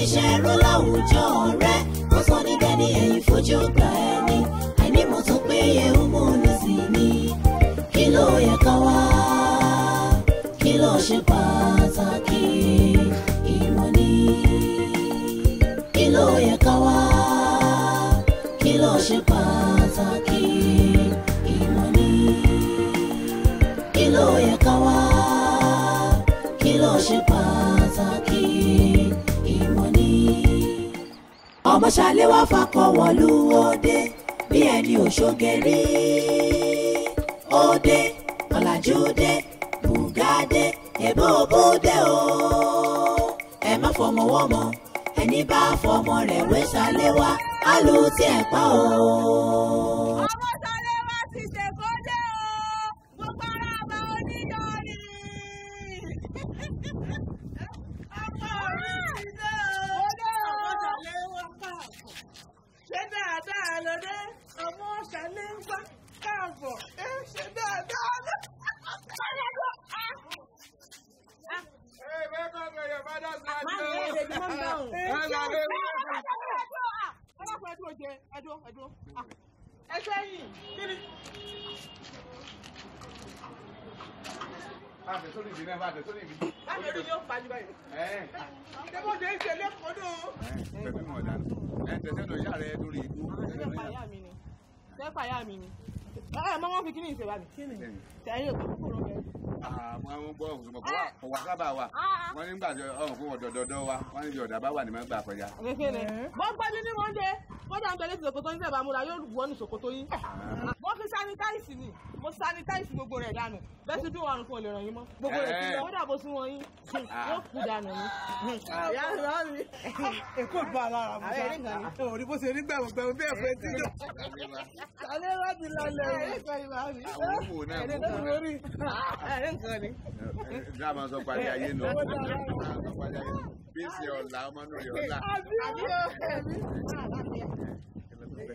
ti ṣẹrú láwùjọ rẹ ó sọ ní dẹni ẹ̀yìn fojú gba ẹni àìnímọ̀ tó péye ó mú ní sí ni kí ló yẹ ká wá kí ló ṣe pàtàkì ìmọ̀ ni kí ló yẹ ká wá kí ló ṣe pàtàkì ìmọ̀ ni kí ló yẹ ká wá kí ló ṣe pàtàkì. ọmọ ṣàlẹ̀ wá fakọ wọ̀lú òde bí ẹni òṣogeri òde ọ̀làjú òde bùgádé ẹ̀bá òbóde o ẹ má fọmọ wọmọ ẹni bá fọmọ rẹ̀ wé ṣàlẹ̀ á lù ú tí ẹ̀ o. Àlàdé ọmọ ṣàlẹ̀ ń wá káàbọ̀ ẹ ṣe dáadáa lọ́dọ̀. Ẹ sẹ́yìn àfẹ sórí ìdí náà àfẹ sórí ìdí. láti ẹni yóò pàjù báyìí. ṣé mo ṣe ń ṣe lẹ́kọ̀ọ́ náà. pẹ̀lú ìmọ̀ ọ̀dà ẹ tẹ̀sẹ̀ lọ yára ẹ lórí igbó. ṣé pàyà mi ni ṣé pàyà mi ni. ẹ mọ wọn fi kíni ìṣèwà mi. kíni tẹ̀yìn òkú kúrò bẹ́ẹ̀. àwọn àwọn gbọ́ ọ̀hún sọ̀bọ̀ ọ̀wà sábà wà ah, ah. wọ́n nígbà ọ̀hún fún ọ̀dọ̀dọ̀dọ̀ wa wọ́n ní ọ̀dà bá wà ní mẹ́gbà kọjá. gbọ́ngbọ́ ní ní wọ́n dé wọ́n dà ń bẹ̀rẹ̀ sí ṣòkòtò yín tẹ̀ bá múra yóò wọ́n ní ṣòkòtò yín. wọ́n ah. fi sanitize mo sanitize gbogbo rẹ̀ dànù bẹ́ẹ̀ tí dùn wà nǹkan ò lè ràn yín mọ́ gbogbo rẹ̀ kí ah. wọ́n dàbò sí wọn yín yóò kú dànù ni. ìyá rẹ̀ mi. èkó bá a lára mu sa òní bó ṣe nígbà gbogbo ẹ̀mí bẹ́ẹ̀ fẹ́ tí yóò. sálẹ̀ láti lálẹ́ ẹ̀rẹ́ tó ń rí ẹ̀rẹ́ nǹkan ni. dáàmà sọ parí ayé nù bí ṣe ọ̀la ọmọ náà yọ̀ ọ̀la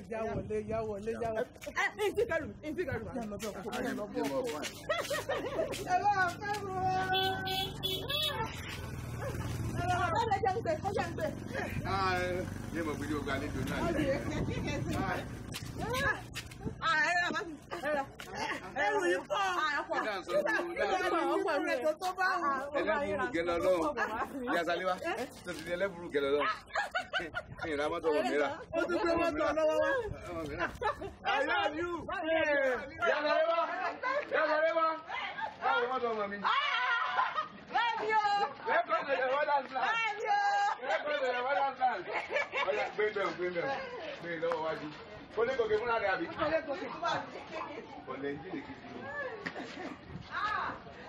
já wọlé já wọlé já wọlé. ẹ ẹ ti kẹrù ẹ ti kẹrù. ẹ lọ bẹ ọkọ ẹ lọ bẹ ọkọ. ẹ bá a fẹ́ mu. Bọ́lá jẹ́ ń gbé, ó jẹ́ ń gbé. Ṣé mo fi ní ogun àlejò náà? Ẹrù yìí pọ̀. Ọ̀pọ̀ rẹ̀ tó tó bá wù. Ẹlẹ́bùrú gẹlọ lọ́wọ́. Ìyá Sálíwá, tó ti di ẹlẹ́bùrú gẹlọ lọ́wọ́. Ẹ̀yìn ra mọ́tò wọn mìíràn. Ó ti gbé mọ́tò lọ́wọ́ wá. Ayọ̀ yù. Ìyá Sálíwá, ìyá Sálíwá. Báwo mọ́tò ọmọ mi? Báyọ̀. Welcome to the Wonderland. Báyọ̀. Welcome to the Wonderland. Ọ̀yà gbé bẹ̀rù gbé bẹ̀rù gbé lọ́wọ́ wájú. Kólé gòkè fúnra rẹ̀ àbí? Kólé gòkè fúnra rẹ̀. Ọ̀lẹ́ ń jìnnì kìí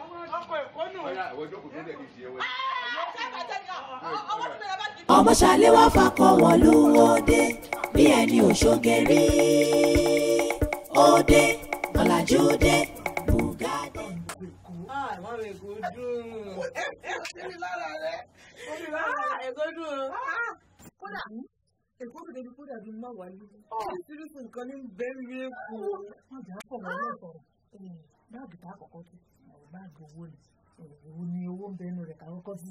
ọkọ̀ ẹ̀kọ́ nù. ọ̀yà ìwọ jókòó tó dẹ̀ kì í ṣe ẹwẹ́. ọmọ ṣàlẹ̀ wá fakọ̀ wọ̀lú òde bí ẹni òṣogẹ rí òde ọ̀làjú òde bùgádẹ. àwọn ah, èkó dùn ún. èmi lára rẹ̀ èmi lára èkó dùn ún. kódà èkó fún nǹkan ní bẹ́ẹ̀ ní èkó. ọjà pọ̀ mọ́ ẹ̀kọ́. báàgì tá a kọ́kọ́ báàgì owó ni owó ni owó ń bẹ nínú rẹ̀ ká kọ́kọ́ tú.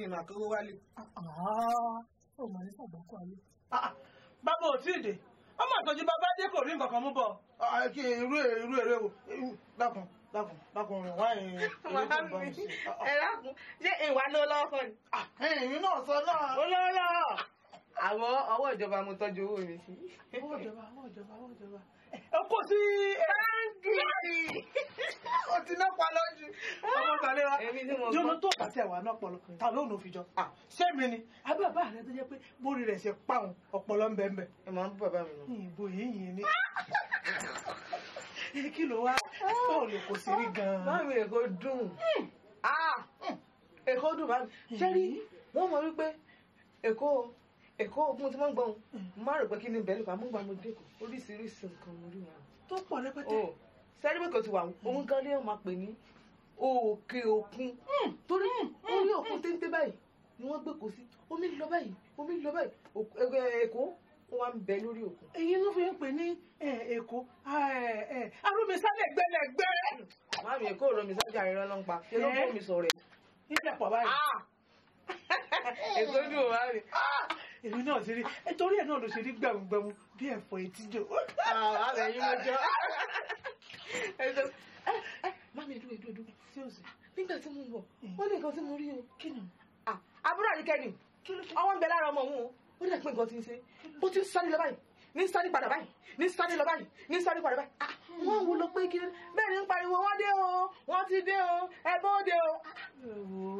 ìmọ̀ àkọ́wé wálé. ó mọ̀ ní sàgbákò ayé. Ah, ah, bàbá ò tí ì dé ọmọ bàbá dé kò rí nǹkan kan mú ah, kí irú irú èrè wo wá tó bá mi ṣe. ṣé ìwà ló lọ́wọ́ ọkọ sí ẹngìlì o ti náà pa lọ́jú ọmọ ìgbàlẹ̀ wa yóò lọ tó pàtẹ àwa náà pọlọ ta ló nù fìjọ sẹ́mi ni abẹ́ bàbá rẹ tó jẹ́ pé bórí rẹ̀ ṣe pààrùn ọpọlọ ń bẹ́ẹ̀ bẹ́ẹ̀. ẹ máa ń bú bàbá mi nù. ìbò yìí yìí ni kí ló wá fóònù kò sí rí gan-an. báwo èkó dùn hmm. èkó dùn báwo ṣé rí wọ́n mọ̀ wípé èkó èkó ogun tí wọ́n gbọ́n hmm. máa rò pé kí ni bẹ́ẹ̀ lè pa oríṣiríṣi nǹkan mo rí wọn. tó pọ̀ rẹpẹtẹ. Oh, sẹ́rí pé kò ti wà òun gan lé ọmọ pè ní òkè òkun hmm, torí hmm, hmm, orí òkun téńté báyìí ni wọ́n gbé kò sí omi lọ báyìí omi lọ báyìí èkó wọ́n wá ń bẹ lórí òkun. èyí ló fi ń pè ní èkó arúmisálẹ̀ gbẹlẹ̀gbẹ́. màámi èkó ò lómi sájà rẹ lọ́n pa ṣé ló ń bọ́ mi sọ̀rọ̀ ẹ̀. ilẹ̀ pọ̀ báyìí. Ah! èkó dùn wá rè èmi náà ṣe rí nítorí ẹ̀ náà ló ṣe rí gbàmùgbàmù bí ẹ̀fọ́ etí jò. àbẹ̀ ah, yín ló jọ. mami dúró dúró dúró sí òsì nígbà tí mo ń bọ̀ mm. ó ní nǹkan tí mo rí o. kí ni. Ah, àbúrò àríkẹ́ ni ọwọ́ ń bẹ lára ọmọ òun o ó dẹ̀ pé nǹkan ti ń ṣe ó ti ń sáré lọ báyìí ní sáré padà báyìí ní sáré lọ báyìí ní sáré padà báyìí ah, hmm. wọ́n wo ló pé kí bẹ́ẹ̀ ni ń pariwo wọ́n dé o wọ́n ti dé o ẹgbẹ́ dé o. ẹ wo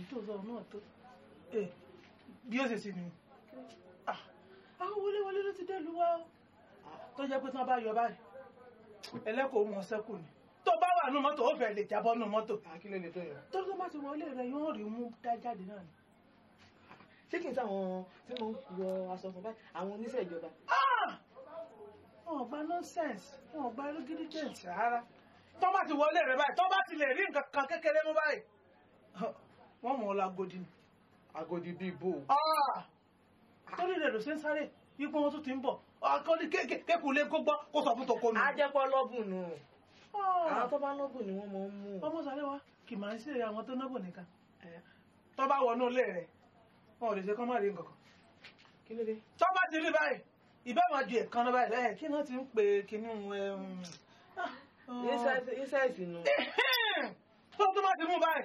ìtòsọ náà tó bí ó ṣe sí ni ah, àwọn wọléwọlé ló ti dẹ́lu wá ó tó jẹ́ pé tí wọ́n bá yọ báyìí ẹlẹ́kọ̀ọ́ wọn sẹ́kù ni tó bá wà nù mọ́tò ó fẹ́ lè jábọ́ nù mọ́tò. àkílẹ̀ ah, lè tó yọ. tó tó bá ti wọlé rẹ yóò rí mú dá jáde náà ni. ṣé kì í sáwọn tí mo wọ aṣọ fún báyìí àwọn oníṣẹ́ ìjọba. Ah! wọn ò gba nonsense wọn ò gba elegidence rárá tó bá ti wọlé rẹ báyìí tó bá ti lè rí nǹkan kékeré mú báyìí wọ́n mọ̀ ọ́ la ni. Agodi bíi bò. Ah! torí rẹ̀ ló ṣe ń sáré ipò wọn tún ti ń bọ̀ akọ́lé kékun lé kó gbọ́ kó sọ fún toko nù. ajẹ́pọ̀ lọ́bùn nù. Ah! àwọn tó bá lọ́bùn ni wọ́n máa ń mú. ọmọ sáré wa kì máa ń ṣe àwọn tó lọ́bùn nìkan. Eh. tó bá wọnú ilé rẹ̀ wọn ò lè ṣe kọ́ má rí nǹkan kan. tó bá ti rí báyìí ìbá máa ju ẹ̀kan náà báyìí ẹ̀ eh, kí náà ti ń pe kinní ìṣẹ́ẹ̀sì ah, oh. nù. tó tó bá ti mú báyìí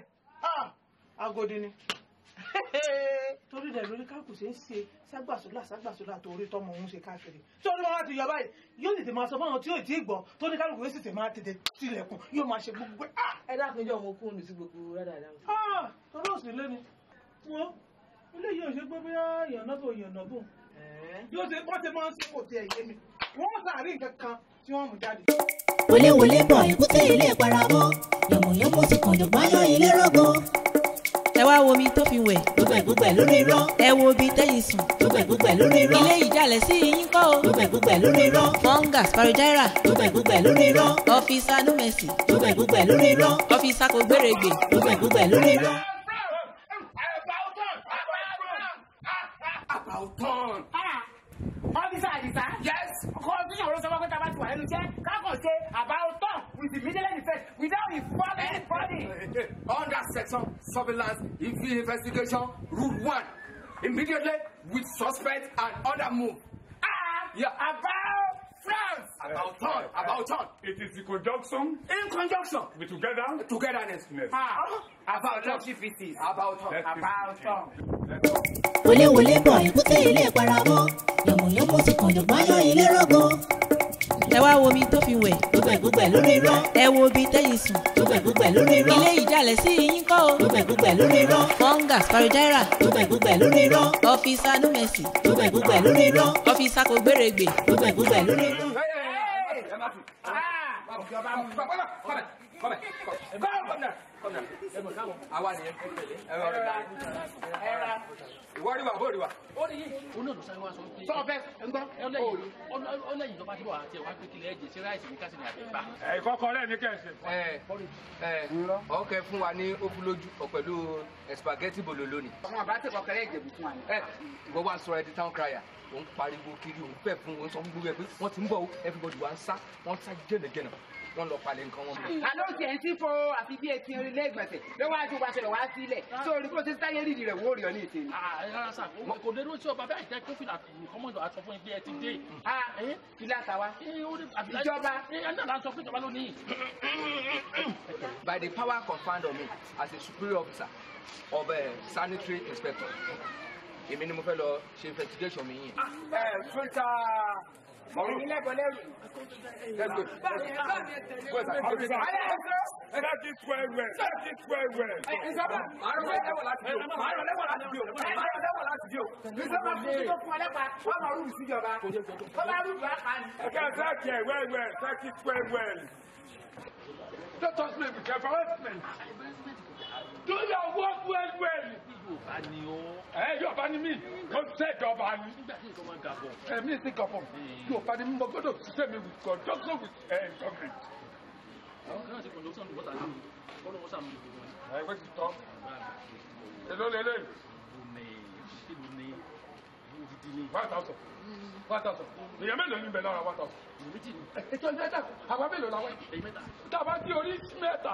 agodi ni. torí rẹ̀ lórí káàkù ṣe ń ṣe ságbàsólà ságbàsólà torí tọmọ òun ṣe káàkiri tí orí wọn ti yọ báyìí yóò tètè máa sọ fún àwọn tí yóò ti gbọ́ tó ní káàkù sì tètè máa tètè tilẹ̀kùn yóò máa ṣe gbogbo pé. Ah! ẹ dákun jọ wọn kú òun sí gbogbo rádà dáhùn. torí òsì lé ni wọn ilé yìí ò ṣe gbé bóyá ìyànnàbò ìyànnàbò yóò ṣe bọ́ ti máa ń ṣe kò tiẹ̀ yé mi wọ́n sàárì nǹkan tí wọ́n mú jáde. wọléwọlé bọ̀ èkúté ilé ìparamọ́ yọ̀mọ̀yọ̀mọ̀ ti kànjọ̀gbọ́n yọ ilé rọ̀gbọ̀n ẹ wá wo mi tó fi wẹ̀. gbogbogbẹ̀ lórí irọ́. ẹ wo bi tẹ́yìn sùn. gbogbogbẹ̀ lórí irọ́. ilé ìjàlẹ̀ sí iyín kọ́ o. gbogbogbẹ̀ lórí irọ́. fungus parigyra. gbogbogbẹ̀ lórí irọ́. ọfíìsà numesi. gbogbogbẹ̀ lórí irọ́. ọfíìsà kò gbèrègbè. gbogbogbẹ̀ lórí irọ́. àbàwọ̀tán. ọ́fíìsà àdìsá. yẹ́sì kọ́ńtínà ló sọ fún pé tá a bá ti wà is immediately effect without informing anybody. Under section surveillance investigation rule one immediately with suspect and other move. Ah, yeah. about France. About uh, turn. Uh, about turn. It is in conjunction. In conjunction. With together. Togetherness. Yes. Ah, about activities. About turn. About turn. wọléwọlé bọ̀ èkúté ilé ìparamọ́ yọ̀mùyọ̀mù ti kànjọ̀gbọ́n yọ ilé rọ̀gbọ̀n ẹ wá wo mi tó fi wẹ̀. gbogbogbò lórí irọ́. ẹ wo bi tẹ́yìn sùn. gbogbogbò lórí irọ́. ilé ìjàlẹ̀ sí yín kọ́ o. gbogbogbò lórí irọ́. fọ́ngà sparagyra. gbogbogbò lórí irọ́. ọfíìsà númẹ̀sì. gbogbogbò lórí irọ́. ọfíìsà kò gbèrègbè. gbogbogbò lórí irọ́. ẹ má fi àwa nìyẹn ẹ̀rọ rẹ̀ dá ẹ̀rọ ìwọ rí wa bó rí wa. ó ní yìí òun náà ló sáré wá sọ pé. sọ bẹ ń gbọ. ọlẹ́yìn tó bá ti bọ̀ àti ẹ̀wá pé kílẹ̀ ẹ̀jẹ̀ sí ráìsì ní kásìlẹ̀ àbẹ̀bà. ẹ̀ kọ́kọ́ rẹ̀ ní kẹ̀sì. ẹ ẹ ọkẹ fún wa ní ófúlójú pẹ̀lú spaghetti bololo ni. àwọn àbá tẹ kọkẹrẹ ìjẹ̀bù fún wa ni. ẹ eh, ìwọ wa ń sọ ẹdi town crier òun pariwo kiri òun pẹ̀ fún òun sọ fún gbogbo ẹ pé wọ́n ti ń bọ̀ everybody wa ń sá wọ́n ń sá jẹ́nẹ̀jẹ́nẹ̀ wọ́n lọ palẹ̀ nǹkan wọn. àlọ́ tiẹ̀ ń tí fo àfi bí etí orí lẹ́gbẹ̀sẹ̀ ló wá ju wáṣọ rẹ̀ sílẹ̀ sórí bó ṣe táyé rìndì rẹ̀ wó rí ọ ní ìtì. ara sà kò dé lóṣù ọba bẹ́ẹ̀ jẹ́ kó fìlà kọ́mọ̀dọ̀ aṣọ fún ẹgbẹ́ ẹ ti dé. a ah, fìlà tàwa eh, ìjọba. Eh, by the power conferred on me as a superior officer of a eh, sanitary inspector èmi ni mo fẹ́ lọ ṣe investigation mi yìí. ẹ ah, fúnta. Mọ̀rún. Ilé ẹ̀kọ́ lẹ́rù. Ẹgbẹ́. Báyìí báyìí Do your work well well. Yorùbá ni ọ́. ẹ Yorùbá ni mí mo ṣe ìjọba ni. nígbà tí nǹkan máa ga bọ̀. ẹ mi ti ga bọ̀ Yorùbá ni mo gbọ́dọ̀ ṣiṣẹ́ mi with eh, conduction with government. ọ̀hún náà ti conduction ló bọ́ta lóru kọ́lọ́ wọ́n sàmúlò gbogbo wọn. ẹ wọ́n ti tọ́ èló lélẹ̀. omi ìlú ni odidi ni. one thousand hmm. one thousand èèyàn mélòó ni bẹ̀ lára one thousand. èèyàn méjì ni. ètò ìjẹ́jà àwa mélòó làwọn. èèyàn mẹ́ta. tàbá tí orí mẹ́ta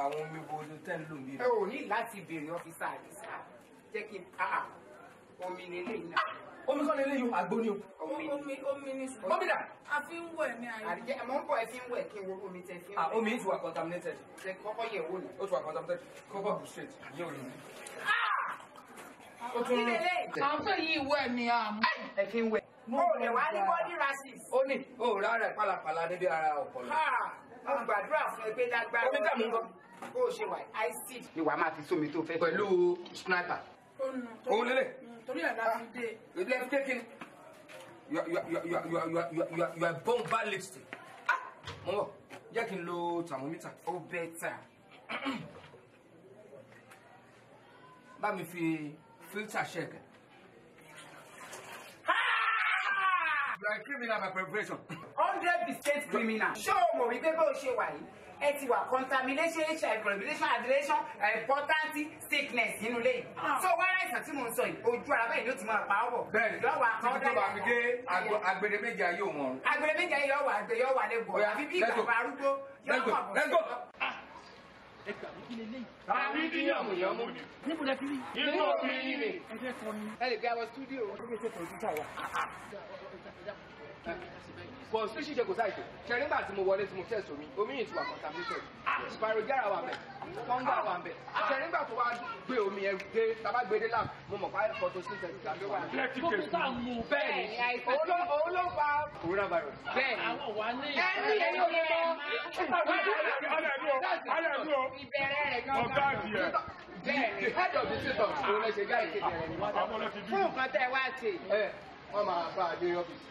àwọn omi bo ojú tẹ́ ń lò mí. ẹ ò ní láti béèrè ọ́fíìsà rẹ̀ sá jẹ́ kí n omi nílé yìí náà. Ah, omi kọ́ nílé yìí àgbo ni o. omi omi omi ni sùn. omi dà. a fi ń wẹ̀ ní ayé. àdìjẹ́ àmọ́ ń bọ̀ ẹ fi ń wẹ̀ kí n wo omi tẹ fi ń ah, wẹ̀. omi ti wà contaminated. ṣe kọ́kọ́ yẹ̀ wò ni. ó ti wà contaminated kọ́kọ́ bù straight yẹ̀ wò ni. ó tún ń lò. àwọn tó yí ìwẹ̀ mi àmú. ẹ fi ń wẹ̀ mo rẹ̀ wá ní body rasis. ó ní o rà rẹ̀ pálapàla níbi ara ọ̀pọ̀ rẹ̀. mo gbàdúrà fún ẹgbẹ́ lágbára. omi tẹ̀ mú bọ́. bó o ṣe wà iced. ìwà máa fi sómi tó fẹ́. pẹ̀lú sniper. òun lélẹ̀. Mm, torí ẹ̀ la fi dé. ilé ah, fi dé kí ni. you are you you you you you you are bomba lipstick. Ah! mo wọ̀ jẹ́ kí n lo thermometer. ó better. bá mi fi filter ṣẹ̀kẹ̀. You criminal by preparation. hundred percent criminal. ṣé o mọ̀ wípé bó o ṣe wà yìí ẹ ti wà contamination hiv contamination adulation important sickness nínú ilé yìí. Ah. so wára ìsàn tí mo ń sọ yìí ojú ara bẹ́ẹ̀ ni ó ti máa pa ọ́ bọ̀. bẹ́ẹ̀ni lọ́wọ́ àkọọdá yìí. títí tó bá fi dé agbede méje ayé òun ọ̀run. agbede méje ayé ọwọ àgbẹ yọ wà lẹgbọ àfi bí ìgbàgbọ́ arúgbó yọ wà bọ. lẹgbọ àbí bí yàmù yàmù ah. ni. ni. lè gbé àwọn studio. ó lè tètè ojú ta but sushi jẹ kò sáì tó ṣe nígbà tí mo wọlé tí mo test omi omi yìí ti wà contaminated ah, spirogara wà bẹ fungal wà bẹ ṣe nígbà tó wá gbé omi ẹ gbé taba gbé dé lab mo mọ̀ pàrọ̀ photosynthesis àbí wà. dókítà mú bẹ́ẹ̀ ni àìsàn owó ló pa coronavirus. bẹ́ẹ̀ ni àwọn wà ní ẹni ẹni ò lè mọ. ìbẹ̀rẹ̀ rẹ̀ gan-an. bẹ́ẹ̀ ni head of the system ah. òun lè ṣe gáì kéde rẹ̀. fún nǹkan tẹ́ wá ṣe. Eh, wọ́n máa bá a dé ọ́fíìsì.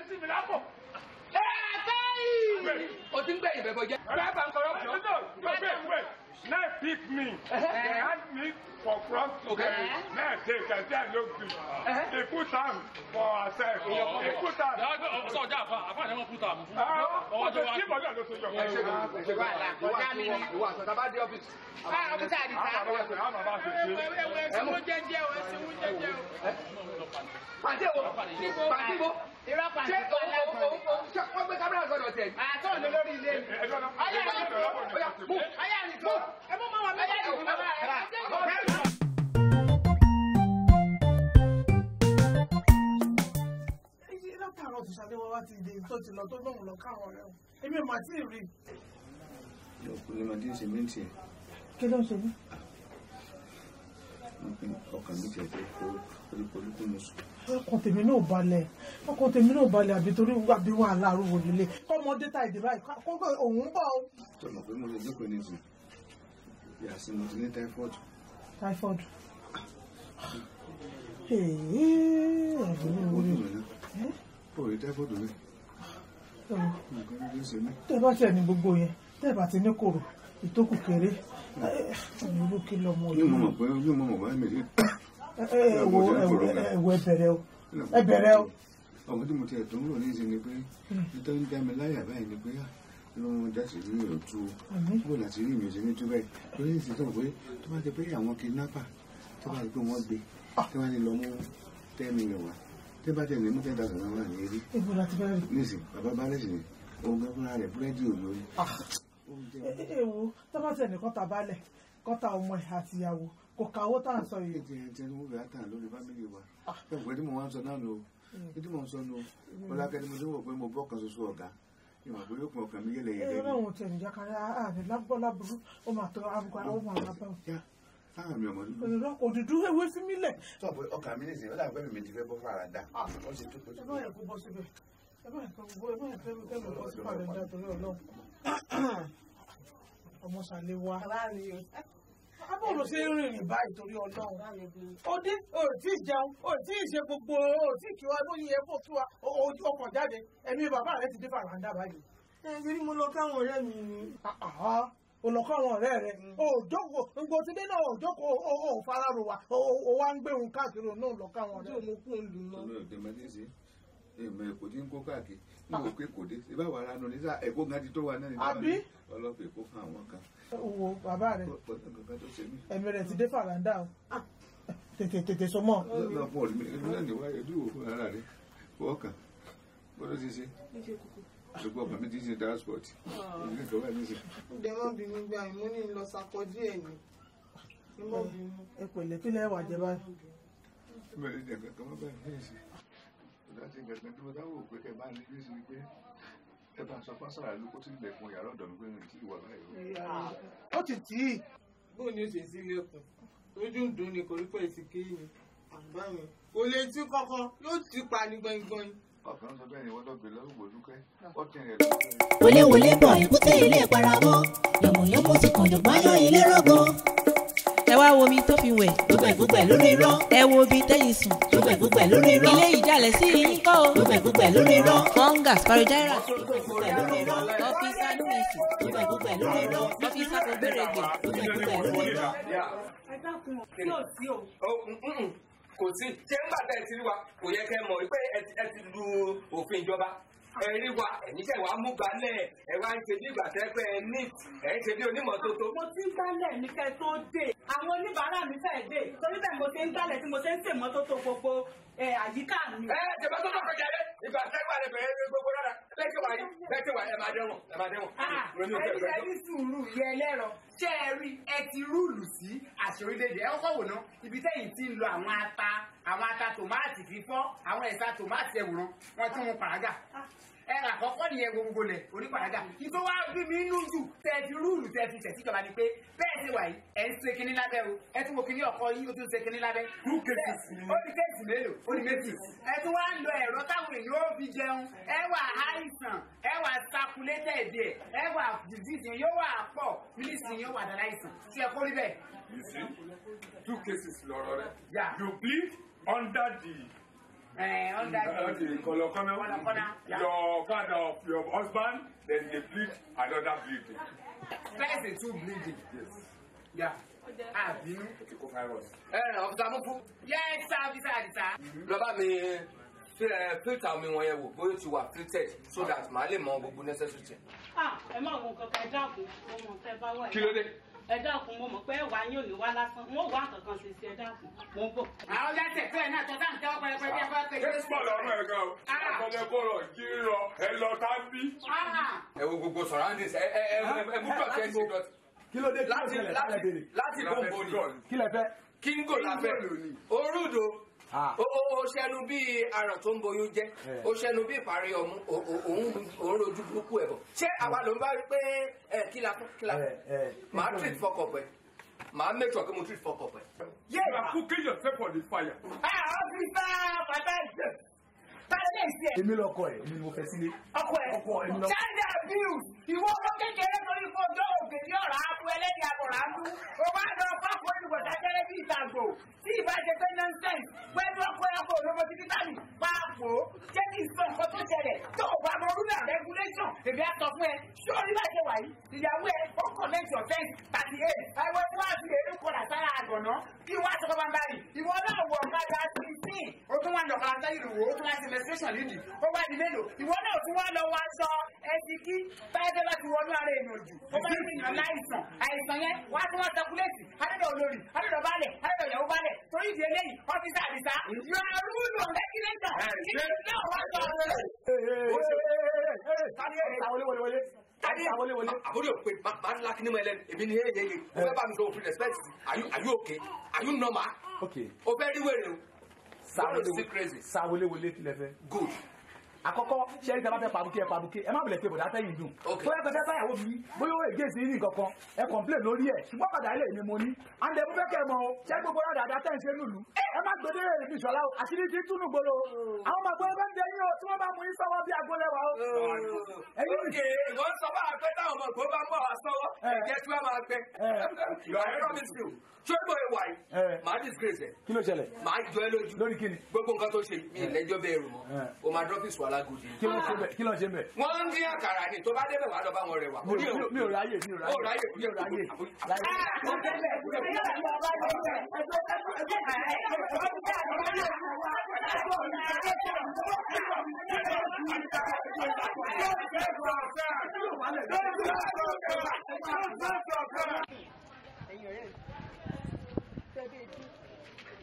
ti sí mi lápò. ẹ ẹ sẹ́yìn. o ti ń gbẹ̀yìn bẹ̀bọ̀ jẹ́. driver ń kọ́rọ́ fún. no wait wait now pick me they hand me for front okay. now take and then look me they put am for herself they put am. sọ ọjà àfa àfa ni wọn put am fún. Ah, ọwọ́ tó wá sí ìbọ̀lẹ́ ló ṣe yọ. ẹ ṣe máa ń ṣe wà lá kọjá mi ni. ìwà àtàtà bá dé ọ́fíìsì. a ah, ọ́fíìsì àdìsá. a máa bá ṣe a máa bá ṣe ṣe. ẹ̀wẹ̀ ẹ̀sìn wọ́n jẹ́jẹ́ o ẹ̀sìn wọ́n jẹ́jẹ́ o. pàdé wo pàdé wo irọ́ pàṣẹ kọ́ aláǹkọ́. wọ́n gbé kámẹ́rà sọ̀dọ̀ tẹ̀. àtọ́ ni lórí ilé mi. ọyá ni tó ọyá ni tó ẹ mú mọ́wọ́ mi. ọyá ni tó bàbá rẹ̀ ẹ jẹ́ kọ́. káàrọ̀ tó ṣàdéwọ́ wá ti dé tó ti lọ tó lóun lọ káàrọ̀ rẹ̀ o èmi ò mà tí ì rí. yọ̀ọ̀kùnrin màdí ò ṣe mí tiẹ̀. kí ló ń ṣe mí ọkàn mi tiẹ̀ tẹ́ kó olúkúlùkù mi sùn. ọkàn tèmi náà balẹ̀ ọkàn tèmi náà balẹ̀ àbí torí àbí wà láàárọ̀ wò nílé kọ́mọ dé ta ìdìbò àìká kó pé òun bọ̀. tọmọ pé mo lè jókòó ní ìsìn yàtí mo ti ní typhoid. typhoid. ẹ̀ẹ́ ọ̀dọ́ orí rẹ̀ orí typhoid rẹ̀. tẹ́ bá tiẹ̀ ní gbogbo yẹn tẹ́ bá ti ní kòrò ìtókù kéré ìlú kí lọmọ ọdún. yóò mọ̀ pé yóò mọ̀ pé mi eh, eh ẹbẹrẹ o ẹbẹrẹ o. ọmọ tí mo ti ẹ̀dùn rò níṣẹ́ ni pé hmm. nítorí ń dá mi láyà báyìí ni pé ló ń dá sí ní òtú bó láti rí ìmìíràn ṣe ní túbẹ̀ lórí ìsìn tó pé tó bá ti pé àwọn kidnapper tó bá ti pé wọ́n gbé ah. tó bá ti lọ mú ten million wá tó bá ti lè mú ten thousand wá ní eré nísìn bàbá bá lẹ́sìn ogun fúnra rẹ̀ búrẹ́dì òun lórí. Ah èwo tọ́mọ̀tì ẹnìkan ta balẹ̀ kọ́ta ọmọ ẹ̀ àtìyàwó kò ka owó tá à ń sọ yìí. ètò ìyẹn tẹnu wúlò àtàn lórí fámìlì wa ah. ẹgbẹ́ tí mo wá ń sọ náà lò ó tí mo ń sọ nù ó mm. lákẹ́ni mo ti wò pé mo bọ́ kan ṣoṣo ọ̀gá ìmọ̀ pé yóò pọ̀ kàn mí yẹlẹ yẹlẹ. mi ọmọ dúdú. òdòdó bọ́ ẹ bọ́ ah, ẹ bá yẹ kó bọ́ síbẹ̀ ẹ bá yẹ kó bọ́ ọmọ sàlẹ̀ wa. Abọ́ ló ṣe ń rìnrìn báyìí torí ọlọ́run. Òde ò tí ì jẹun, ò tí ì ṣe gbogbo, ò tí ì kí wa lóye ẹ fò kí wa ojú ọkọ̀ jáde. Ẹ̀mí bàbá rẹ ti dé fàràǹdà báyìí. Ẹ mo lọ káwọn ọ̀rẹ́ mi ni. Olùkọ́ àwọn ọ̀rẹ́ rẹ̀, òjòkó, gbogbo náà òjòkó, ó wa, ó ń gbé òun káàkiri òun náà lọ káwọn ọ̀rẹ́. Ojú èmi èkó tí ń kó káàkiri ní ah. òkè kò dé ṣe báwa ara nù ní sá èkó gan ti tó wa náà ní báwa ọlọ́pàá èkó fún àwọn kan. wo bàbá rẹ ẹ̀mí rẹ ti dé fàlàndà o ah. tètè tètè so mọ. lọ́dọ̀ fún ọ̀rẹ́ mi èmi náà ní wáyé ojú òfin ara rẹ fọwọ́ kan bọ́dọ̀ ti ṣe ṣùgbọ́n ọkàn mi ti ṣe transport èmi ah. nìkan wà ní ìṣe. ǹjẹ́ wọ́n bí mi gba ìmúni lọ sakọjú ẹ̀ ni ẹ pẹ̀lẹ́ kí lẹ́wà jẹ báyìí láti ìgbà tí mo dáwọ́ pé ẹ bá ní bíi wípé ẹ bá sọ pásárà ló kó sí ilẹ̀kùn yàrá ọ̀dọ̀ mi pé mi ti wà báyìí. Ah. ó ti tì í. bó ni o ṣe sílẹ̀kùn lójú ń dùn koríko ìsìnkí mi àgbà kò lè tí kọ́kọ́ yóò ah. ti pa ní gbọ̀ngbọ̀n wòlé wòlé bọ̀ èkúté ilé ìparamọ́ yọ̀mọ̀yọ̀mọ̀ ti kànjọ̀gbọ́n yọ ilé rọ́gbọ́n ẹ wá wo mi tó fi wẹ̀. gbẹgbẹgbẹ lórí irọ́. ẹ wo bi tẹ́yìn sùn. gbẹgbẹgbẹ lórí irọ́. ilé ìjàlẹ̀ sí yín kọ́ o. gbẹgbẹgbẹ lórí irọ́. kọ́ńgà spirogyra. ọ̀fíìsà lóyèsì. gbẹgbẹgbẹ lórí irọ́. ọ̀fíìsà kò béèrè gbè. gbẹgbẹgbẹ lórí irọ́. ẹ dákun kí ló sí o. Mm, mm, mm. kò sí ṣé ń bàtà ẹ ti rí wa kò yẹ kẹ́ mọ̀ pé ẹ ti lu òfin ìjọba ẹ̀rí wa ẹ̀yin tẹ̀ mú balẹ̀ ẹ̀ wá ṣe bí ìgbà pé ẹ ní ẹ̀ ṣe bí onímọ̀tótó. mo ti ń gbálẹ̀ mi fẹ́ tó dé àwọn oníbàárà mi fẹ́ dé torí bẹ́ẹ̀ mo ti ń gbálẹ̀ tí mo ti ń ṣèmọ́tótó gbogbo àyíká mi. ẹ ẹ tẹ̀wé tó tó kọjá dé ìgbà tẹ́gbà rẹ̀ bẹ̀rẹ̀ gbogbo rárá bẹ́ẹ̀ tí wà bẹ́ẹ̀ tí wà ẹ̀ máa dẹ́wọ̀n ẹ̀ máa dẹ́wọ̀n. Ah, ẹ ní sùúrù yẹ ẹlẹ́rọ ṣé ẹ rí ẹ ti rúùlù sí àṣẹ orílẹ̀-èdè ẹ kọ́ wò ná ibi tẹ́yìn ti ń lo àwọn ata àwọn ata tòmáàtì fífọ́ àwọn ẹ̀sà tòmáàtì ẹ̀wòrán wọ́n tún mu pàrágà. Ah ẹ̀rà àkọ́kọ́ nìyẹn gbogbo lẹ̀ onípàdágà ìtò wá bí mi inú jù tẹ̀tí rúùlù tẹ̀tí tẹ̀tíjọba ni pé bẹ́ẹ̀ ti wà yìí ẹ̀ ń ṣe kinní lábẹ́ o ẹ tún wo kinní ọkọ yín o tún ṣe kinní lábẹ́ ó ní kéèsì mélòó ó ní méjì ẹ tún wá ń lo ẹ̀rọ táwọn èèyàn ó fi jẹun ẹ wà àìsàn ẹ wà sakulétẹ̀ ẹ̀dẹ̀ ẹ wà dìdìsì yóò wà pọ̀ two cases lọ́rọ̀ you bleed under the Eh, eh, your father of your husband, then they bleed another bleeding. First is two bleeding. Yes. Yeah. Àbínú. Ọ̀fíìsà Mufu. Yes, sir, Ọ̀fíìsà Àdìsá. Lọ́ba mi eh, filter omi wọn yẹn wò bóyá ti wà filtered so ah. that màá lè mọ gbogbo necessary. Ah, ẹ máa wo kankan dáàbò ọmọ tẹ bá wà. Kí ló dé? ẹ dákun mo mọ̀ pé ẹ̀wà yín ò ní wá lásán wọn ò wá kankan ṣe sí ẹ dákun mo ń bọ̀. àwọn ọjà tẹ̀sí ẹ̀ náà tọ́ta ń tẹ́wọ́ pẹ́rẹpẹ́rẹ́ bí ẹ bá pè é. ṣé pọ̀lọ́ ọmọ ẹ̀ gan o àkọlẹ̀ kó lọ jí lọ ẹ lọ tábí. Ah. ẹ wo gbogbo surroundings ẹ ẹ ẹ mú ah. dọ̀tí ẹ ṣe dọ̀tí. kí ló dé kí ló dé láti láti láti bóńbó ni kí lẹ fẹ́. kí ń gò láfẹ́ orúdo ó ah. ṣẹnu bí aràn tó ń boyún jẹ́ ó eh. ṣẹnu bí ìparí ọmú òun rojú burúkú ẹ̀ bọ̀ ṣé àwa ló ń bá rí pé ẹ kí la fún kí la fún eh, eh, màá treat fọkọ pẹ màá make sure kí mo treat fọkọ pẹ. yẹ́ẹ̀ bá kú kéèyàn fẹ́ pọ̀ ní fàyà. a ò fi bá bàbá ìjẹ̀sì tálẹ̀ ìsì ẹ̀. èmi lọkọ ẹ èmi ni mo fẹ́ sílé. ọkọ ẹ ọkọ èmi lọkọ. ṣáàjà bíu ìwọ ọkọ kékeré torí kó jọ òkè ní ọ̀rọ̀ akú ẹlẹ́dìí àbọ̀rọ̀ akú o bá lọ pápó ìdìbò sájẹ́rẹ́ bí ìtàgbò tí ìbá pé nọ́ńsẹ̀ǹsì pẹ̀lú ọkọ ẹ̀kọ́ olóko títí tàbí pápó jẹ́ kí ìsọ nǹkan tó ṣẹlẹ̀ tó o bá mọ rúbẹ̀ regulation èmi á fún ẹ ṣé orí bá ṣe wà yìí ìyàwó ẹ ó kọ̀ mẹ́jọ ten menstruation nídìí ó wá di mélòó ìwọ náà tún wá lọ wá sọ ẹtì kí báyọ̀dé bá ti wọnú ara èèyàn jù ó bá ní ìyàn láìsàn àìsàn yẹn wá tí wọ́n sẹkúlẹ̀tì adédọ̀ olórí adédọ̀ balẹ̀ adédọ̀ ìyàwó balẹ̀ torí ìdí eléyìí ọ́fíìsà àdìsá yọ̀ọ̀rọ̀ rúlò rẹ́gílẹ́tọ̀ kí náà wá sọ ọ̀rọ̀ Ade awole wole. Abori o pe ba ba nla kini mo ele ebi ni hey hey. Mo fẹ́ bá mi sọ with respect. Are you are you okay? Are you normal? Okay. O fẹ́ rí sáwọlé wọlé kí lẹ fẹ́. good àkọ́kọ́ sẹ́rí tẹ́lá fẹ́ pàbùkí ẹ pàbùkí ẹ má bẹ̀rẹ̀ pé bọ̀dá tẹ́yìn dùn bóyá pẹ́ fẹ́ báyàwó bí bóyá ó ègé sí kankan ẹ complain lórí ẹ̀ ṣùgbọ́n padà ilé mi mo ní àǹdẹ̀ mú fẹ́kẹ̀ mọ́ ṣẹ́ gbogbo rádà àdá tẹ́ ń ṣe lùlù ẹ má gbẹdẹ rẹ̀ níbi ìṣọ̀lá àṣírí ti túnú gbolo oh. àwọn ọmọ gbọ́dọ̀ bẹ́ẹ̀ yín o tí wọ́n bá mú yín sọ́wọ́ bí agolẹ́wà o. Oh. ẹyin ìwọ sọ bá Ọlágúdú. kí ló ṣe ṣe bẹ. wọ́n ń dín àkàrà ni tó bá débẹ̀ wà lọ bá wọn rẹwà. mi ò ráyè mi ò ráyè mi ò ráyè. ẹ̀yin ọ̀rẹ́ mi tẹ́lẹ̀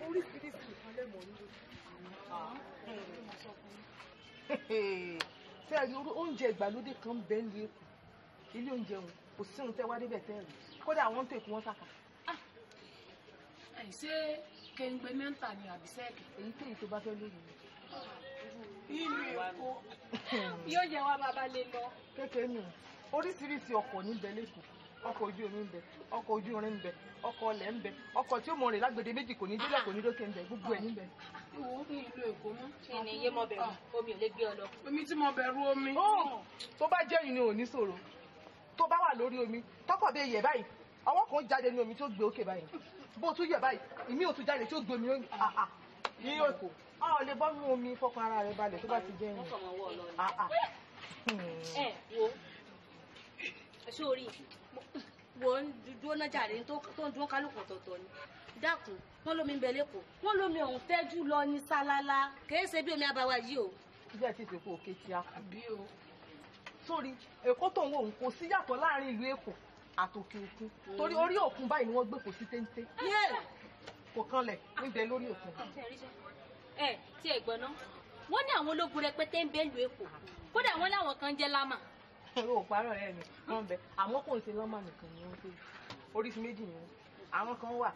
oríṣiríṣi ìkànnì mọ̀ nínú ṣé ẹ rí oúnjẹ ìgbàlódé kan ń bẹ ní èkó ilé oúnjẹ wọn kò sí ohun tẹ wá débẹ̀ tẹ́ rí kódà àwọn tó èkó wọn sàkà. Ah! ṣé kéńgbé mẹ́ta ni àbísẹ́ẹ̀kì. èyí kéyìí tó bá fẹ́ lóyún ìlú èkó yóò yẹ wá bàbá lè lọ. kékeré nù oríṣiríṣi ọkọ̀ níbẹ̀ lẹ́kọ̀ọ́ ọkọ̀ ojú omi ń bẹ ọkọ̀ ojú irin ń bẹ ọkọ̀ ọlẹ̀ ń bẹ ọkọ̀ tí ó mọ̀ rìn lágbède méjì kò ní délẹ̀ kò ní dókè ń bẹ gbogbo ẹ̀ níbẹ̀. Owó mi ìlú Èkó mọ́. Kí ni iye mo bẹ̀rù? Omi ò lè gbé ọ lọ. Omi tí mo bẹ̀rù omi. Tó bá jẹ́ ìní ò ní Tó bá wà lórí omi, tọ́kọ̀ bẹ́ẹ̀ yẹ̀ báyìí. Ọwọ́ kan jáde ní omi tó gbé òkè báyìí. Bó tún yẹ̀ báyìí, ìmí ò tún jáde tó gbé omi ní Èkó. Ah, ah, ah. A lè bọ́ nínú omi fọkàn ara rẹ̀ balẹ̀ tó bá ti jẹ́ ìní. Ẹ wo, sórí, wo ń dúró nájà rẹ̀ tó ń dúró kálukú tọ̀tọ̀ ni dákun wọn lómi ń bẹ lẹkọọ wọn lómi ọ̀hún tẹjú lọ ní sálálá kèé ṣe bí omi àbáwá yìí o. ìgbà tí èkó òkè ti a kù bí o sórí èkó tó ń wo òun kò sí yàtọ̀ láàrin ìlú èkó àtòkè òkun torí orí òkun báyìí ni wọ́n gbé kò sí téńté kò kanlẹ̀ níbẹ̀ lórí òkun. ẹ tí ẹ gbọ́ná wọ́n ní àwọn ológun rẹpẹtẹ ń bẹ lu èkó kódà wọ́n láwọn kan jẹ́ lámà. o parọ́ rẹ ni wọ́n bẹ àmọ́ kò ń ṣe lámà nìkan ni wọ́n pè oríṣi méjì ni wọ́n àwọn kan wà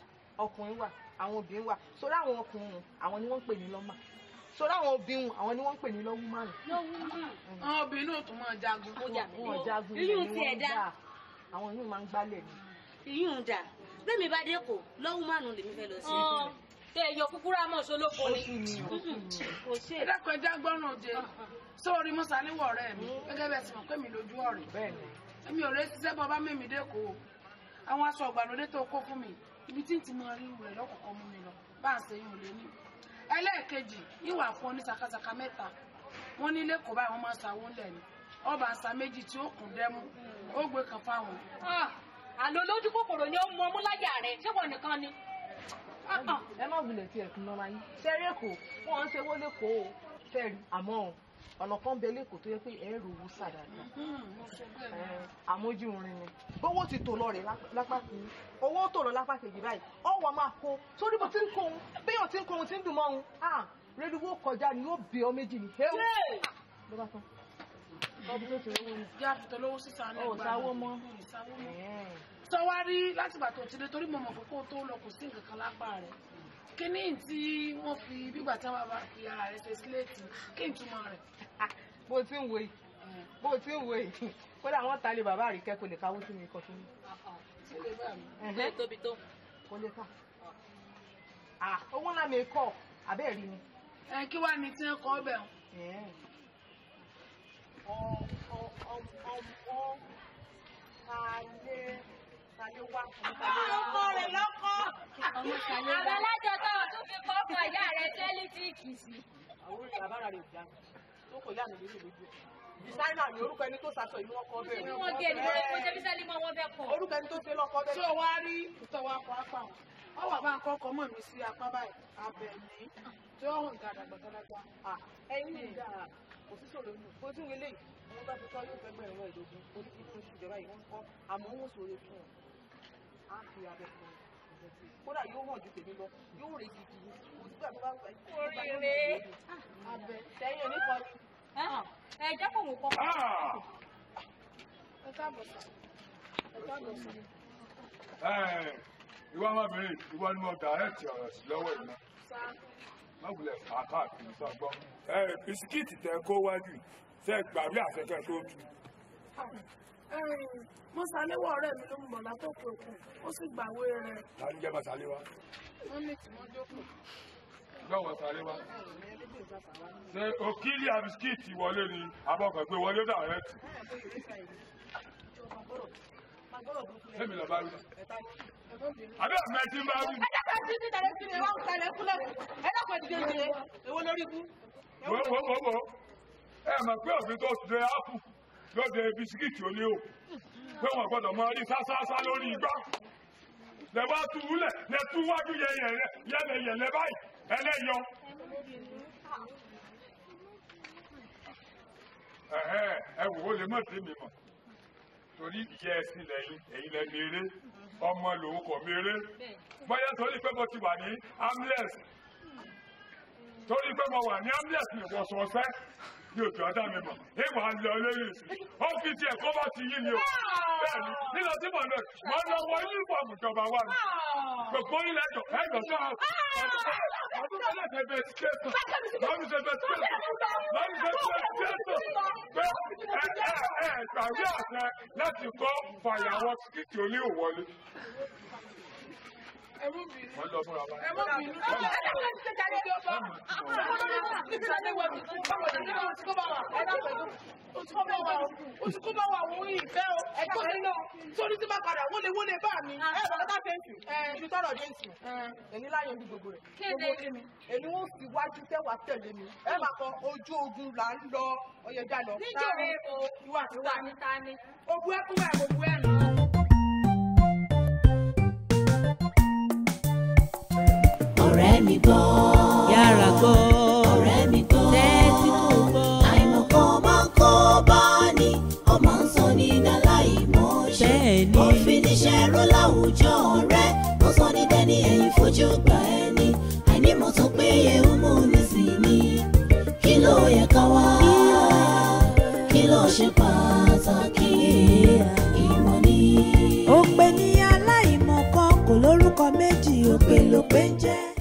ọkùnrin wà àwọn obìnrin wà sórí àwọn ọkùnrin àwọn ni wọ́n ń pè ní lọ́mà sórí àwọn obìnrin àwọn ni wọ́n ń pè ní lọ́wúmánù. lọ́wúmánù àwọn obìnrin náà tún máa jagun kó jagun wọn jagun ilé ni wọ́n ń gbà àwọn yóò máa ń gbálẹ̀ ni. ìyún dà bẹ́ẹ̀mi bá dé kò lọ́wúmánù lèmi fẹ́ lọ sí. tẹ ẹyọ kúkúrú àmọ́ sólókò ni. kò sí ẹ dákun ẹja gbọ́ràn jẹ sórí mọ́sá níwọ̀ ọ̀rẹ́ mi gẹ́gẹ́ bẹ́ẹ̀ sì mọ̀ pé mi lójú ọ̀rẹ́ mi ò rẹ́ sísẹ́ bá mẹ́mi dé kò àwọn aṣọ ọ̀gbàlódé ibi tí n ti mọ irú rẹ̀ lọ́kọ̀ọ̀kan mú mi lọ bá a ṣe yún lé ní. ẹlẹ́ẹ̀kejì ìwà fún ọ ní sakasaka mẹ́ta wọ́n nílé kò báyìí wọ́n máa ṣàwọn lẹ̀ ni ọba àṣà méjì tí ó kùn dẹ́mú ó gbé kan fáwọn. Ah, àlọ́ lójú kòkòrò ni ó mú ọmú láyà rẹ̀ ṣé wọ́n nìkan ni. Ah, ah. ẹ má wulẹ̀ tí ẹ̀kún lọ́ra yín ṣẹ́rí èkó wọ́n ń ṣe wọlé kó o fẹ́ẹ̀rí àmọ́ ọ̀nà kan bẹ lẹ́kọ̀ọ́ tó yẹ pé ẹ̀rù wú sàdáadáa hmm, àmójú orin ni gbówó ti tò lọ rè lápá kìíní owó tò lọ lápá kejì báyìí ọwọ́ máa kó sórí bó ti ń kó ohun béèyàn ti ń kó ohun ti ń dùn mọ́ ohun ah rédíwó kọjá ni yóò bẹ ọ méjì ní kéwù ló bá tán ọdún tó ti rówó ni. yá fi tọ́lọ́wọ́ sísan ní ìgbà hmm, sáwó mọ́. sọ wá rí látìgbà tó o tó lọ kò sí nǹkan kan kíní tí wọ́n fi bígbà táwọn bá fi ara rẹ̀ ṣe síléètì kí n túmọ̀ rẹ̀. bó ti ń wòye bó ti ń wòye kódà wọ́n ta lé bàbá àríkẹ́ kò lè kawó sí mi kọtún mi. ṣé lè bá mi. tóbi tó. kò lè kà. owó ńlá mi kọ abẹ́ rí ni. ẹ kí wàá ní tí ń kọ́ ọbẹ̀ o. ọmọ ta lé ta lé wá. àwọn ah, ọkọ rẹ̀ lọ́wọ́. Àbá lájọ tó o tún fi kọ́kọ́ ìyá rẹ̀ tẹ́lifíìkì sí. Àwọn orí àbára rẹ̀ ò já. Ó kò yá mi lórí ìlú designer ni orúkọ ẹni tó ṣaṣọ ìlú ọkọ bẹ́ẹ̀. ìlú wọn gé ni wọn kò jẹ bísẹ́lì mọ́ wọn bẹ́ẹ̀ kọ. orúkọ ẹni tó ṣe lọ́kọ bẹ́ẹ̀. tí o wá rí ìtọ́wọ́ akọ apá wọn ọ wà bá ń kọ́ ọkọ mọ́ mi sí apá báyìí abẹ́ni tí ó hàn dáadáa gbàgbàgbà. ẹyin ìgbà kò sí sòrò nù kó tún ilé ìwọ́n bá fi kọ́ yóò fẹ́ gbẹ̀rún ẹ̀ẹ́dógún oníkíkún oṣù ìjọba yìí wọ́n kọ́ àmọ́ wọ́n sòrò fún ọ kódà yóò hàn ju tèmi lọ yóò rè jìjì òtúgbà tó bá fẹ́. oríire ah, abẹ sẹ́yìn oníkan. Ah. Ah. ẹ jẹ́ kó òun kọ́. ẹ káàbọ̀ sà ẹ káàbọ̀ sà. ìwọ ọmọbìnrin ìwọ ni mo dàrẹ́tì ọ̀rọ̀ sí lọ́wọ́ ìná mọ̀gùlẹ̀ fàákà kì í sọgbọ́. bisikíìtì tẹ kó wájú tẹ gbàgbé àfẹ́fẹ́ tó tu mọ́sálẹ́wọ̀ ọ̀rẹ́ mi ló ń bọ̀ látòkè òkun ó sì gbàwé rẹ̀. ta ló jẹ́ mọ́sálẹ́wà. wọ́n ní tí wọ́n jókòó. gbọ́wọ́ sálẹ́wà. ṣe òkìlì àbísíkìtì wọlé ni abọ́kàn gbé wọlé dàrẹ́tì. Fẹ́mi lọ bá rí. Àbí àmì ẹtí ń bá rí. Ẹ dábàá sí ní ìdàrẹ́ sí ni wọ́n ń kalẹ̀ kúlẹ̀kùn. Ẹ dábàá dìde ìdílé. Èwo lórí ikú? Wo wo wo Ẹ mọ̀ pé òfin tó ti dé ápù lọ́dẹ bisikíìtì olé o pé wọ́n gbọ́dọ̀ máa rí sásásá lórí igbá lẹ́wọ́ tuulẹ̀ lẹ́tú wájú yẹlẹyẹlẹ báyìí ẹlẹ́yọ. ẹ wò ó lè mọ̀ sí mi mọ̀ torí ìyá ẹsìn lẹ́yìn ẹ̀yìn lẹ́ mèrè ọmọ lòun kò mèrè bóyá torí pé mo ti wà ní amles torí pé mo wà ní amles mi wọ̀sọ̀ọ̀sẹ́ ní oṣù àdá mi mọ̀ ẹ wà á lọ lórí ọ́fíìsì ẹ̀kọ́ bá ti yí mi o bẹ́ẹ̀ni nílò tí mo lọ mọ lọ wọ yúnífọ̀mù ìjọba wa mi gbogbo ilẹ̀ ẹ̀jọ̀ ẹ̀jọ̀ sọ ọdún tẹ́lẹ̀ tẹ́ bẹ́ẹ̀ ti kẹ́tọ̀ lọ́dún tẹ́ bẹ́ẹ̀ ti kẹ́tọ̀ lọ́dún tẹ́ bẹ́ẹ̀ ti kẹ́tọ̀ pé ẹ ẹ ẹ gbàgbé àṣẹ láti kọ́ fàyàwọ́ kíkì oníhùwọlé wọ́n lọ fúnra wa. Òtúkọ́ bá wà wọ́n yìí fẹ́ o. Ẹ̀kọ́ mi lọ. Torí tí máa padà wọlé wọlé bá mi. Ẹ bàbá tá fẹ́ǹsì. Ṣé tọrọ jẹ́ǹsì? Èmi láyé ní gbogbo rẹ̀. Kéde èmi. Èmi wọ́n fi wájú tẹ́wàá tẹ̀lé mi. Ẹ máa kọ ojú ogun là ń lọ. Ọyẹ̀dá lọ. Níjọ́ rẹ̀ o. Ìwà àti ta ni. Ogun ẹkún báyìí, ogun ẹ̀rùn. mi gbọ́. yàrá gbọ́. ọ̀rẹ́ mi gbọ́. tẹ́tí kò gbọ́. àìmọ̀kan máa ń kọ́ bá ní ọmọ ń sọ ní dáláì mọ́ ṣe. bẹ́ẹ̀ni. òfin níṣẹ́ ró láwùjọ rẹ̀ ó sọ ní dẹ́ni ẹ̀yìn fojú gbà ẹni. àìnímọ̀ tó péye ó mú ní sí ni. kí ló yẹ ká wá? kí ló ṣe pàtàkì? ìmọ̀ ni. ó pè ní aláìmọ̀kan kò lórúkọ méjì òpè ń jẹ́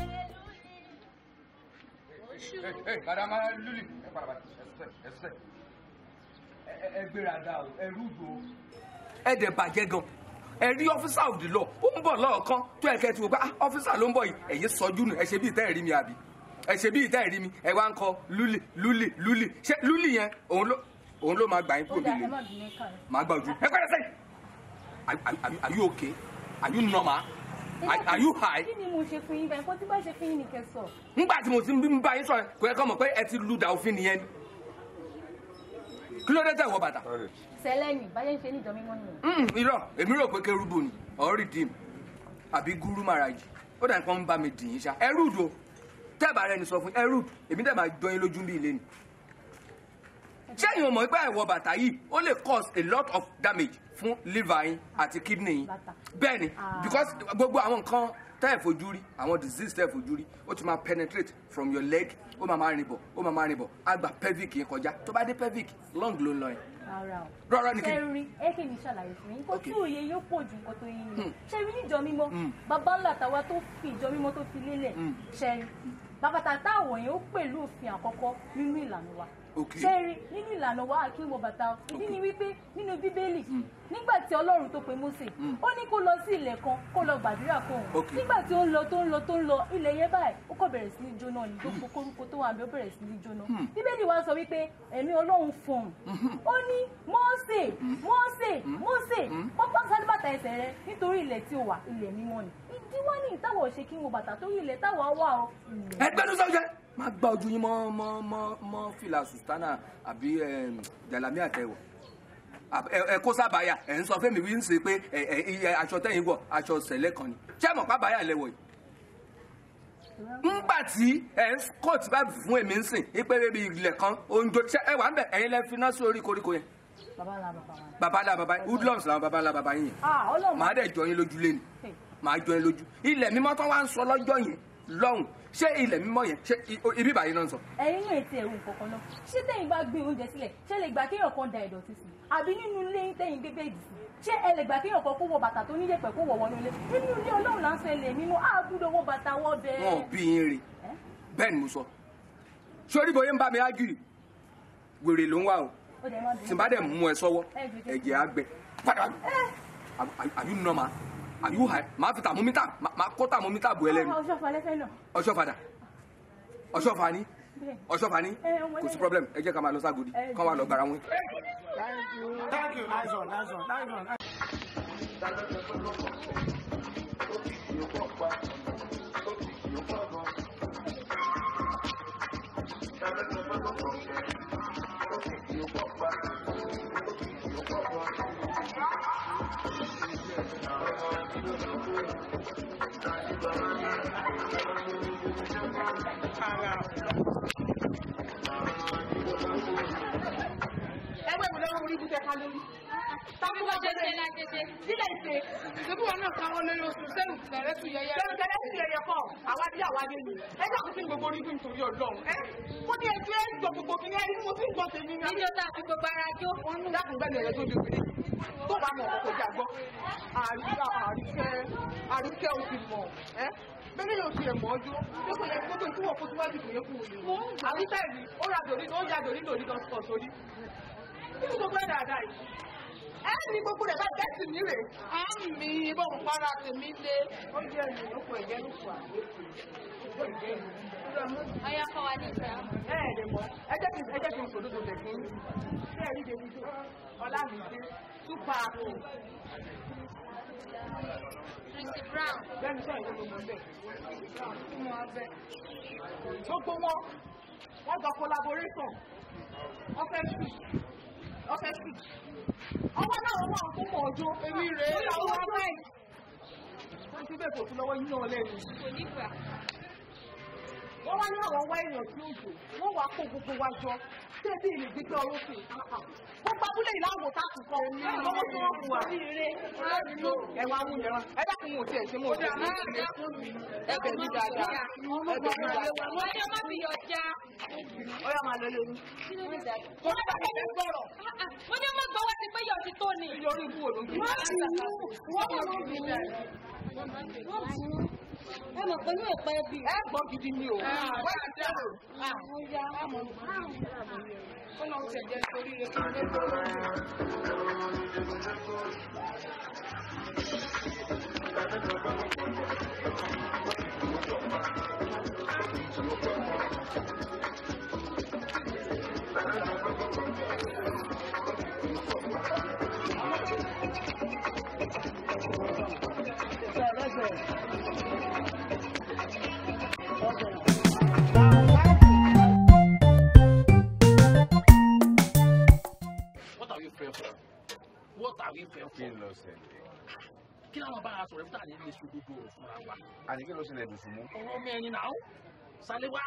ẹ luli ẹ padà ẹsẹ ẹsẹ ẹ gbéra dá o ẹ rúdo. ẹ dẹ̀ bàjẹ́ gan ẹ rí officer of the ó ń bọ̀ lọ́ọ̀kan tó ẹ kẹ́tù pé ah ló ń bọ̀ yìí ẹ̀yin sọjú nù ẹ ṣe bí ìtẹ́ ẹ̀rí mi àbí ẹ ṣe bí ìtẹ́ ẹ̀rí mi ẹ wá ń kọ luli luli luli ṣe luli yẹn òun ló òun ló máa gbà yín kúrò nílé màá gbà ojú ẹ pẹ́ ẹ are you okay are you normal are you high. kí ni mo ṣe fún yín báyìí kó tí bá ṣe fún yín nìkẹ́ sọ. nígbà tí mo ti ń bá yín sọ̀rọ̀ kò yẹ kọ́ mọ̀ pé ẹ ti lu da òfin nìyẹn ni kí ló dé tẹ̀ wọ bàtà. sẹlẹ ni báyẹn ṣe ní ìdánmímọ nìyẹn. Hmm, irọ́ ni ọ̀rí dìm àbí gúrú màrájì ó dà nǹkan ń mi dì í ṣá ẹrúdò tẹ́ẹ̀bà rẹ ni sọ fún ẹrúdò èmi dẹ̀ máa jọyín lójú bí ilé ni ṣé ìwọ̀n mọ̀ pé àìwọ bàtà yìí ó lè cause a lot of damage fún liver yín àti kidney yín bẹ́ẹ̀ ni ah. because gbogbo àwọn nǹkan tẹ́ ẹ̀ fojú rí àwọn disease tẹ́ ẹ̀ fojú rí ó ti máa penetrate from your leg ó máa máa rìn bọ̀ ó máa máa rìn bọ̀ á gba pelvic yẹn kọjá tó bá dé pelvic lung ló ń lọ yẹn. rárá ni kí ni. sẹ́rin èké mi ṣàlàyé fún yín kó tí òye yóò pọ̀ ju nǹkan tó yé yín sẹ́rin hmm. níjọ mímọ́ hmm. bàbá ńlá tàwa tó fi ìjọ mímọ́ tó fi lélẹ̀ sẹ́rin hmm. bàbá tàtà àwọ̀ yẹn ó pẹ̀lú òfin àkọ́kọ́ nínú ìlànà wa ṣẹ́ẹ̀rì nínú ìlànà wa kí n wọ bàtà ìdí ni wípé nínú bíbélì hmm. nígbà tí ọlọ́run tó pe Mósè hmm. ó ní kó lọ sí ilẹ̀ kan kó lọ gbàdúrà fóun nígbà tí ó ń lọ tó ń lọ tó ń lọ ilẹ̀ yẹn báyìí ó kọ̀ bẹ̀rẹ̀ sí ní jóná ní gbogbo koríko tó wà ní ó bẹ̀rẹ̀ sí ní jóná hmm. bíbélì wa sọ wípé ẹ̀mí ọlọ́run fọ̀n ó ní Mósè Mósè Mósè pápá sálíbàtà ẹsẹ̀ rẹ nítorí ilẹ̀ tí ó wà ilẹ̀ mímọ́ ni ìdíwọ́ ní ìtàwọ̀ ṣe kí n bàtà torí ilẹ̀ táwa wà ó. ẹgbẹ́ ló sọ má gbá ojú yín mọ́ mọ́ mọ́ mọ́ fìlà sùtánà àbí jàlámì àtẹ̀wọ̀ ẹ kó sábàáyà ẹ ń sọ fún mi wí ń ṣe pé ẹ iye aṣọ tẹ̀yìn wọ̀ aṣọ sẹ̀lẹ̀ kan ni ṣé mọ̀ pábàáyà lẹ́wọ̀ yìí ńgbà tí ẹ ń kóòtù bá fún èmi ń sìn ìpèrè bíi ilẹ̀ kan oúnjẹ ẹ wà ń bẹ̀ ẹ̀yin lẹ fi náà sí orí koríko yẹn babalá baba woodlums làwọn babalá baba yín yẹn ah, màá dẹ̀ jọ yín lójú lé ni màá jọ yín lójú ilẹ̀ mímọ́ tán wá ń sọ lọ́jọ́ yẹn lọ́hùn ṣé ilẹ̀ mímọ́ yẹn ṣé ibi ìbàyí náà ń sọ. ẹ̀yin náà ti ẹ̀rù nǹkan kan náà ṣé tẹ̀yin bá gbé oúnjẹ sílẹ̀ ṣé lè gbà kéèyàn kan da ìdọ̀tí sí àbí nínú ilé tẹ̀yin gbé bẹ́ẹ̀dì sí ṣé ẹ lè gbà kéèyàn kan kó wọ bàtà tó níyẹ̀pẹ̀ kó wọ̀ wọnú ilé nínú ilé ọlọ́run láǹṣọ ilẹ̀ mímọ́ àgùdọ̀ wọ bàtà wọ bẹ́ẹ̀. wọn ò bí yín rí bẹ́ẹ̀ ni mo sọ sórí bóyá ń bá mi ágìrì wèrè ló ń wà o tìǹbà dẹ̀ mú ẹ sọ́wọ́ ẹ̀jẹ̀ á gbẹ padà àbí nọ́ọ̀mà àyù hà máa fi tàmómítà máa kọ́ tàmómítà bò ẹ lẹ́nu. Ah, ọṣọ́fà lẹ́fẹ̀ẹ́ lọ. ọṣọ́fà dà ọṣọ́fà ni ọṣọ́fà eh, kò sí problem ẹ jẹ́ ká máa lọ ságodi eh. kán wà lọ gbára wọn. Thank you. ẹgbẹ́ mi lọ́wọ́ orí bíbẹ̀ ká lórí. tàbí wọ́n jẹ́jẹ́ la jẹ́jẹ́. sílẹ̀ ìṣe ṣùgbọ́n wọn náà káwọn lórí oṣù sẹ́nu tẹ̀rẹ́ tù yẹyẹ. sẹ́nu tẹ̀rẹ́ tù yẹyẹ kọ́ àwa bí àwa dé mi. ẹ jẹ́ àkókò gbogbo orí bí nítorí ọlọ́run. ẹ mo ní ẹjọ́ ẹ gbọ́ gbogbo kí ní ẹ mo ti gbọ́ tèmi ní. níjọ́ tá a ti gbogbo ara jó. wọ́n ní dákùngbẹ́ni ẹ̀yẹ tó di obìnrin tó bá mọ̀ kò jà àríkẹ́ òfin mọ̀ bẹ́ẹ̀ ló ti ẹ̀mọ́ ọjọ́ bí kò yẹ kó tó ìkúwọ̀ kó síwájú kò yẹ kú wò yìí àwítà ìrì ó ra dòrí ó ya dòrí dòrí lọ sọ sórí kí ni gbogbo ẹ̀ dáadáa yìí ẹ ní gbogbo rẹ̀ bá tẹ́sì mi rè á mi bó ń para tèmi lé ó jẹ́ ìrìn òkú ẹ̀jẹ̀ ló fà Ọya kọ́ wa ní ìfẹ́. Ẹ ẹ̀dẹ̀ mọ́, ẹ jẹ́ kí n sòdodo bẹ̀ fún. Ṣé ẹ̀rí Davido? Ọlá mi dé. Túpàá o. Chrissy Brown. Bẹ́ẹ̀ni sọ ìwé ló mọ̀ bẹ́ẹ̀. Gbogbo wọn, wọ́n gba collaboration, wọ́n fẹ́ sùn, wọ́n fẹ́ sùn. Ọwọ́ náà wà fún mọ̀ ọjọ́. Èmi rèé. Ó yà wọ́n báyìí. Wọ́n ti bẹ̀rẹ̀ kò fún lọ́wọ́ yín náà lẹ́nu. Kò ní gbà wọ́n wá ní àwọn wá èèyàn tí ó jò wọ́n wá kó gbogbo wa jọ ṣé bí ìlú gbígbé olóṣù gbogbo abúlé ìlà wò tá àtúkọ ní ọwọ́ tí wọ́n wà ẹ̀wà wúni ẹ̀wà ẹ dákun mo tiẹ̀ ṣe mo ṣe ẹ bẹ̀ mí dáadáa ẹ bẹ̀ mí dáadáa. wọ́n yóò má fi yọ já. ó yà máa lọ lé mi. kò má bàtà mi sọ̀rọ̀. Ah, ah. wọ́n ní ọmọ gbọ́wọ́ ti pé yọ̀ tó ni. yọrí ibú òdòdó. wọ́n ti wú wọ́n ti wú ẹ mọ̀ pẹ̀lú ẹ̀pẹ́ bí. ẹ gbọ́ gidi ni o wọ́n yà dá o. ó lọ ṣe jẹ́ torí rẹ̀ kí ló dé. Thank tàwí fẹ́ fún. kí ló ṣẹlẹ̀. kí làwọn bá a sọ̀rọ̀ fún tàní lè ṣòdodo fúnra wa. àní kí ló ṣẹlẹ̀ dùn sí mú. ọ̀rọ̀ mi ẹni náà sálẹ́wà.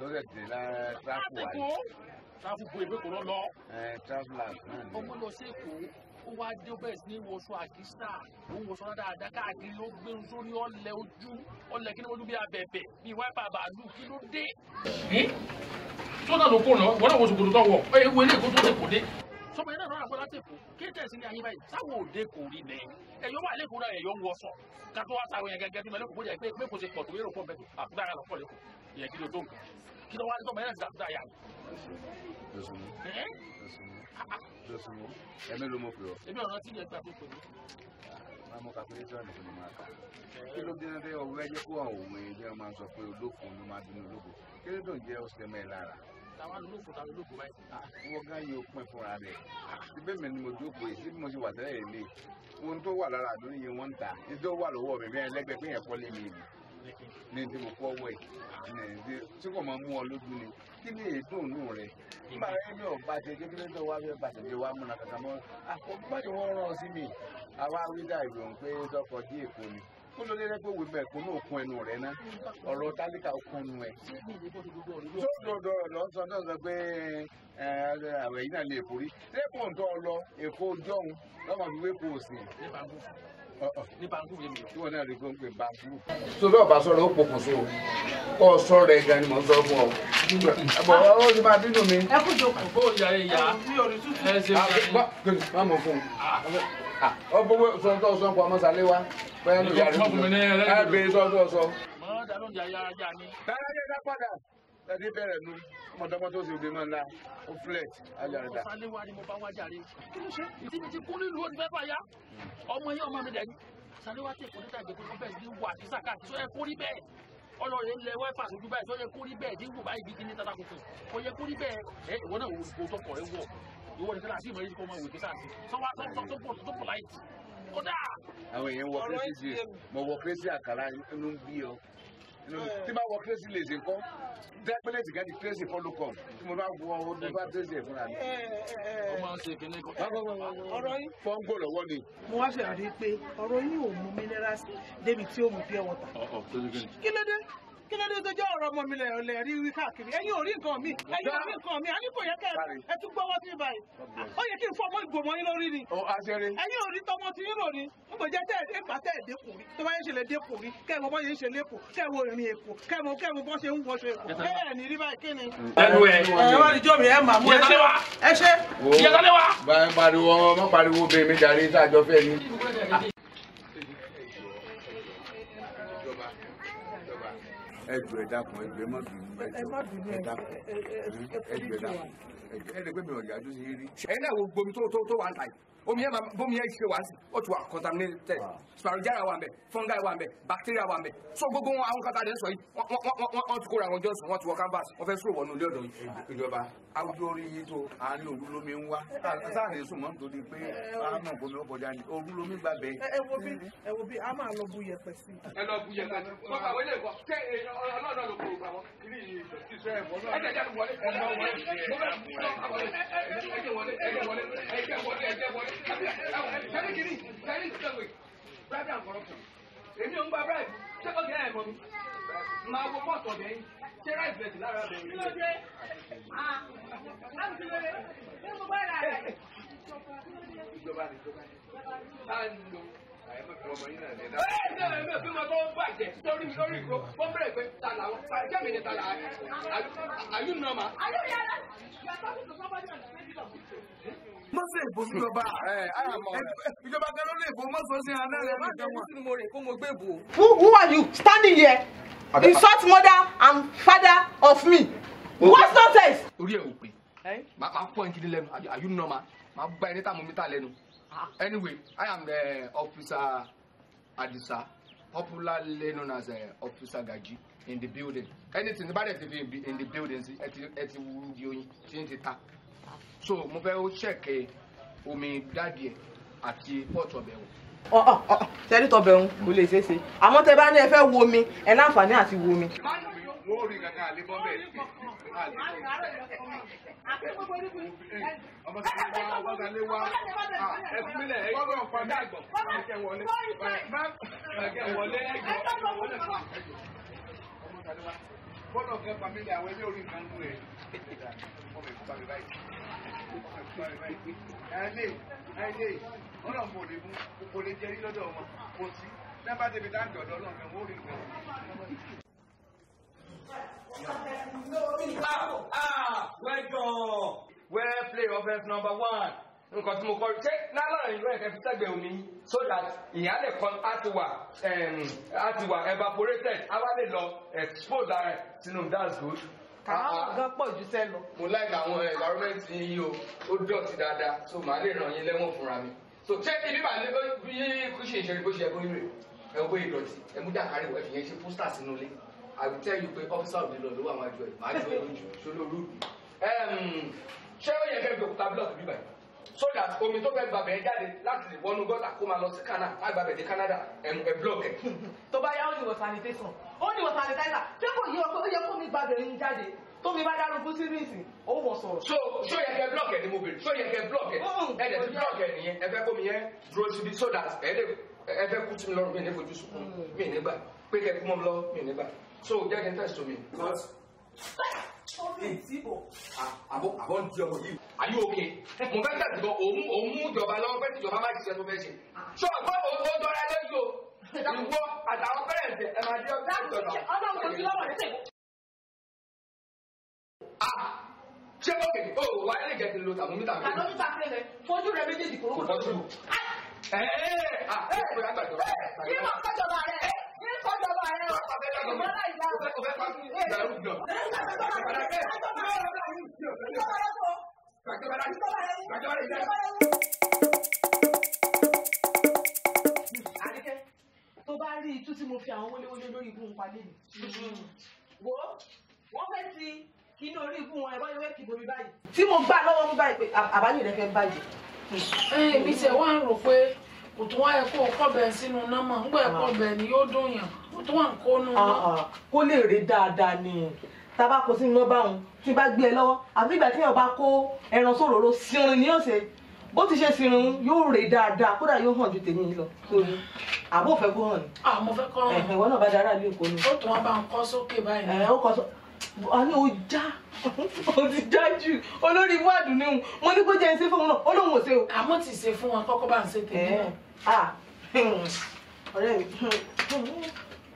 lọ́sẹ̀ tẹ̀ lára tráfù wa. tráfù bo ìwé kò lọ ẹ tráfù là náà ni. ọmọ lọ sí èkó ó wá dé ó bẹ̀rẹ̀ sí ní wọṣọ àkísà ó ń wọṣọ dáadáa káàkiri ó gbé sórí ọlẹ ojú ọlẹ kí ni ojú bí abẹ̀bẹ̀ bí wáìpà bàálù kí ló dé. tó hm? náà ló kó náà wọ́n náà wọ́n sòkòtò tó wọ̀ ẹ̀ wọlé èkó tó ṣe kò dé sọmọ yẹn náà lọ́ra bọ́lá tèkó kéétẹ́ sí ní ayé báyìí sáwọ́ òde kò rí nẹ ẹ̀yọ́ wà lẹ́kọ̀ọ́ náà ẹ̀yọ́ ń wọ sọ kátó wá sáwọn yẹn gẹ́gẹ́ bí mẹ́lẹ́kọ̀ bóyá pé pé kò ṣe pọ̀ tó yẹ́rọ pọ̀ bẹ́ẹ̀ àkúdá ara lọ́pọ̀ lẹ́kọ̀ọ́ ìyẹn kí ló tó nǹkan kí ló wá sọmọ yẹn náà ti dàkúdá yà ẹ̀mí ló mọ̀ pé ọ. ebi ọ̀rọ̀ tí yẹn gbà pípé. àmọ́ calculation ni mo máa kà. kí ló dín dé ọwọ́ ẹ̀jẹ̀ kó àwọn òun ẹ̀jẹ̀ máa sọ pé olókun ló máa dín olókun kí ló dùn jẹ́ ọ̀sẹ̀ mẹ́ẹ̀ lára táwa ló fò táwa ló fò báyìí. Ah, wọ́n gán yóò pín fúnra rẹ̀ síbẹ̀ mi ni mo jókòó yìí síbi mo ṣe wà tẹ́lẹ̀ ilé ohun tó wà lára àdúrà yìí wọ́n ń ta ní tó wà lọ́wọ́ mi bí ẹn lẹ́gbẹ̀ẹ́ pé yẹn kọ́ lé mi ni ní ti mo kọ́ wẹ̀ ní tí kò máa mú ọ lójú ni kí ni ìdùnnú rẹ̀ nígbà rẹ̀ ní ọ̀bá ti ẹjọ́ kí ló ń tọ́ wá fẹ́ bàtẹ̀ bí wàá múna kankan mọ́ àkọ́kọ́ bá ti wọ́n rán ọ sí mi àwa wíjà ìròyìn pé dọ́kọ̀ dí èkó ni kó ló dé rẹ́pẹ́ òwe bẹ́ẹ̀ kó náà kún ẹnu rẹ̀ ná ọ̀rọ̀ tálíkà kún nu ẹ̀. tó dọ̀dọ̀ lọ́sọ̀ náà sọ pé àwẹ̀ yìí náà lè forí rẹ́pọ̀ ń tọ́ lọ èkó jọ̀hún lọ́mọ fi wé kó o sì. ní bangu yẹn mi. tí wọn náà rí i pé ń pè bangu. tó lọ́ọ̀ bá sọ̀rọ̀ ó pokùn so kọ́ ọ sọ̀rọ̀ ẹ̀ gan ni mò ń sọ fún ọ. ẹ̀bọ̀ ó ti máa bínú mi. ẹ kú jòkó. ó yà ẹ yà ọ gbogbo sọtọ sọ nǹkan ọmọ sálẹ wa bẹ́ẹ̀ ló yàrá ìlú ẹ bẹ sọtọ sọ. mọ dàdún yàyà ajá ni. dáadáa yẹ ká padà ẹni bẹ̀rẹ̀ nu mọtọmọtọ sì òde máa ń la ó flex ajára. sálẹ wa ni mo bá wá jàre kí ló ṣe ìdí mi ti kú nílùú òní fẹ́ fà ya ọmọ yẹn ọmọ mi dẹ̀ ni sálẹ wa tẹ̀ kọ́ńtà ìgbẹ́kọ̀ bẹ́ẹ̀ sí wà sí sàkáàtì sọ ẹ kórí bẹ́ẹ̀ ọlọrin ń lẹ wẹfà sójú báyìí tó yẹ kó rí bẹ́ẹ̀ dínkù báyìí bí kíní tata kùkù kò yẹ kó rí bẹ́ẹ̀ ẹ ìwọ náà wò tó tọkọ ẹ wọ ìwọ nìkan náà sí ìmọ̀ yìí kó máa wò tó sáà sí sọ́wọ́ tó tó polite kódà. àwọn èèyàn wọ kérésì mo wọ kérésì àkàrà inú ń bí ọ tí bá wọ kérésì lè ṣe nǹkan dẹ́pẹ́lẹ́ ti gẹ́gẹ́ kérésì fọ́lù kọ̀ tí mo bá wọ owó tó bá kérésì ẹ̀ fúnra mi. Eh, eh, eh. ó máa ń ṣe kíní kan. ọ̀rọ̀ yìí. pọ́ńgò lọ́wọ́ ni. mo wá ṣèlérí pé ọ̀rọ̀ yìí ò mú minerals débi tí ó mú pure water. kí ló dé? kí ló dé tó jẹ́ ọ̀rọ̀ ọmọ mi lẹ̀ ọ̀lẹ̀ rí wí káàkiri ẹ̀yin ò rí nǹkan mi ẹ̀yin ò rí nǹkan mi àní kò yẹ kẹ́ ẹ tún gbọ́wọ́ sí ibà ó yẹ kí n fọmọ ìgbòmọ yín lórí ni ẹ̀yin ò rí tọmọ tí yín lórí nígbà jẹ́ tẹ́ ẹ̀ pa tẹ́ ẹ̀ dẹ́kun rí tó bá yẹn ṣe dẹ́kun rí kẹ́ bọ́ yẹn ṣe lẹ́kùn kẹ́ ẹ̀ wo èkó kẹ́ ẹ̀ bọ́ ṣe ń wọṣọ èkó kẹ́ ẹ̀ rí báyìí ẹjọ ẹ dákun ẹjọ ẹ má bínú ẹjọ ẹ dákun ẹjọ ẹ̀ẹ́dẹ̀gbẹ́ mi ò rí àjọṣe yé rí. ẹ̀yin náà wo gbomi tó tó tó wà ń ta yìí omi yẹn bomi yẹn ṣe wá sí ó ti wà contaminated spirogyra wà mbẹ fungi wà mbẹ bacteria wà mbẹ so gbogbo wọn àwọn kata dẹ́sọ̀ yìí wọ́n ti kóra àwọn jọ́sọ̀ wọ́n ti wọ canvas wọ́n fẹ́ sùn wọnú ilé ọ̀dọ̀ ìjọba àwùjọ orí yìí tó àárín òru lomi ń wá sáàrin sùn mọ́ nítorí pé àánú bomi ọ̀bọ̀dá ni òru lomi gbà bẹ́ẹ̀. ẹ wo bí ẹ wo bí a máa é, bu yẹpẹ sí. ẹ lọ bu yẹpẹ sí wọn kàwé lè kọ ṣé ọlọ́ọ̀dọ́ ló kó o kà wọ́n ilé ìṣẹ́ ẹ̀fọ́ náà. ẹ bribe and corruption èmi ò ń gba bribe ṣé ó gẹ̀ ẹ́ mọ́ mi máa wo mọ́ọ̀tọ̀ ọ̀gẹ̀ yín ṣé rice bẹ̀rẹ̀ lára bẹ̀rẹ̀ yín. kí ló dé láti gbogbo ẹ̀ rà rẹ̀. ìjọba ni ìjọba ni. mọ tó ìbò síjọba ìjọba kan ló lè bò mọ́sọ̀ sí àná má jẹun sí mo rè kó mo gbé bò. Who are you standing here? Insult mother and father of me. What's nonsense? orí ẹ̀ ò pé máa fọ́ ẹ̀ kiri lẹ́nu àyù nà mà máa bá ẹ̀ ní tàmú mítà lẹ́nu. Ah. Anyway, I am the officer Adisa, popularly known as uh, Officer Gaji in the building. Anything about it in the building, ẹti wúdi oyin tí ń ti ta. So mo fẹ́ ó ṣẹ̀kẹ́ eh, omi dádìẹ̀ àti pọ́ọ̀tù ọ̀bẹ̀ wò. oh, ọ̀ ọ̀ tẹ́lítọ̀bẹ̀ òun kò lè ṣeé ṣe. Àmọ́ tẹ bá ní ẹ fẹ́ wo omi, ẹ láǹfààní àti wo wọ́n rí kankan àlébọ́ bẹ́ẹ̀. ọmọ sáré wa ọmọ sáré wa ẹkún mílẹ̀ ẹ gbọ́dọ̀ padà àgbọ̀ ẹkẹ wọlé ẹkẹ wọlé ẹgbọ̀ ọmọ sáré wa gbọ́dọ̀ kẹ́ pamílẹ̀ àwọn ẹgbẹ́ orí nǹkan mú ẹ̀ ọmọ ẹ̀ẹ́lẹ́ ẹ̀ẹ́lẹ́ ọlọ́run kò lè mú lọ́dọ̀ wọn kò sí náà débi tá à ọlọ́run ẹ̀wọ̀n ó rí well done well played offense number one nǹkan tí mo kọ́ ṣé lálára ìlú ẹ̀kẹ́ fi sẹ́gbẹ̀ẹ́ omi so that ìyálẹ̀ kan á ti wà evaporated á wá lè lọ expose ara ẹ̀ sínú that's good. kàwọn gan pọ̀ ju sẹ́ lọ. mo láì ka àwọn environment yìí o ó dọ̀tí dáadáa so màá lè ràn yín lẹ́wọ̀n fúnra mi so ṣé ibi màá lè bí kò ṣe ìṣẹ́ni bó ṣe ẹ̀kọ́ ìrè ẹ̀kọ́ ìdọ̀tí ẹ̀mú dàkárí wọ̀ ẹ̀fìyẹn ṣe pósítà sínú ilé. I will tell you pé officer of the law ló wà wájú ẹ̀ máa jọ lójú sóló rúbì. ṣé ó yẹ kẹ́ gbé òkúta blọọkì bíbá yìí so that omi tó fẹ́ gbàbẹ̀ jáde láti lè wọnú gọ́tà kó máa lọ sí Canada má gbàbẹ̀ dé Canada ẹ̀ blọọkì ẹ̀. tó bá yá ó ní wọ sanitation ó ní wọ sanitizer ṣé kò yẹ kó yẹ kó mi gbàbẹ̀ yín jáde tó mi bá dárúkú sí ríǹsì ó wọ sọ̀rọ̀. so so yẹ kẹ́ blọọkì ẹ ni mo bèrè so yẹ kẹ́ blọọkì ẹ ẹ dẹ ti blọọkì ẹ nìyẹn ẹ fẹ́ kó mi yẹn dúró síbi so that ẹ lè ẹ fẹ́ kú sí mi lọ́rùn mi ní fojú sunkún mm. mi ní gbà pé kẹ́ kúmọ̀ lọ mi nígbà so jẹ́ kí n tẹ̀sí omi. àbọ̀ àbọ̀ ń di ọmọ yìí. àyè òkè mo fẹ́ tẹ̀sí bọ̀ òun òun mú ìjọba lọ́wọ́ fẹ́ tìjọba má ṣiṣẹ́ tó fẹ́ ṣe. sọ àgbọ̀ òun ó dọ́ra lẹ́yìn o ìwọ àtàwọn pẹ́rẹ́ǹtì ẹ̀ máa dé ọjọ́ ṣé bọ́ọ̀kì ó oh, wà ẹ̀ lè jẹ́ kí n lo tàmómítà mi. tàmómítà mi rẹ̀ fojú rẹ̀ méjèèjì kòrókòrò. fojú ẹ̀ ẹ̀ ẹ̀ ẹ̀ ẹ̀ ẹ̀ ẹ̀ ẹ̀ ẹ̀ ẹ̀ ẹ̀ ẹ̀ pa ẹ o. Bọ́lá ìyá o. O fẹ́ pa kí ìyá o jọ. Ìjọba yẹ kó. Ìjọba yẹ kó. Ìjọba yẹ kó. Àríkẹ́ tó bá rí itú tí mo fi àwọn wọléwọlé lórí ibú ń padé mi. Wo wọ́n fẹ́ ti kíní orí ibú wọn ẹ̀rọ ìwé kìbomi báyìí. Tí mo gbà lọ́wọ́ mú báyìí pé àbáyé rẹ̀ fẹ́ bàjẹ́. Ẹyin mi tẹ̀ wá ń rò pé kò tún wáyé kó o kọ́ bẹ̀ sínú nọ́mọ̀ ń gbọ́ ẹ̀kọ́ bẹ̀ ni yóò dùn yàn tó wà ń kó nu. kó lè rè dáadáa ni tábà kó sínú náà báwọn tí bá gbé ẹ e lọ́wọ́ àbí ìgbà tí èèyàn bá kó ẹran sòróró sírin ní ọ̀sẹ̀ bó ti ṣe sírun yóò rè dáadáa kódà yóò hàn ju tèmi lọ sórí àbó fẹ́ kó hàn ni. àmọ́ ah, fẹ́ kọ́ hàn. ìwọ náà bá dára ilé ìkó ni. ó tún wá bá ń kọ́ sókè báyìí. ó kọ́ sókè a ní o já o ti já jù olórí ibú àdùnní wọn ní kó jẹ ẹsẹ fún wọn náà ó lóun ò ṣe o. àmọ́ ti ṣe fún wọn kọ́kọ́ bá ń ṣe tèmi náà. ọ̀rẹ́ mi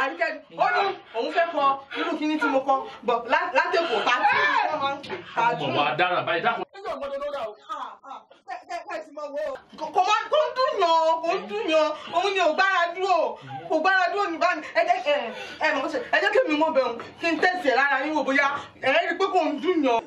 àríkẹ́ ó ní òun fẹ́ kọ irú kíní tí mo kọ gbọ̀ látẹ̀kọ̀ tá a máa ń pè. àwọn ọmọ adára báyìí dákun. kò máa kó ń dùn yàn kó ń dùn yàn òun ni ò gbára dúró kò gbára dúró ní báyìí ẹ jẹ́ ẹ ẹ mọ̀ ṣe ẹ jẹ́ kí mi mọ bẹ̀rù kí n tẹ̀sí ẹ̀ lára yín wò bóyá ẹ rí i pé kò ń dùn yàn.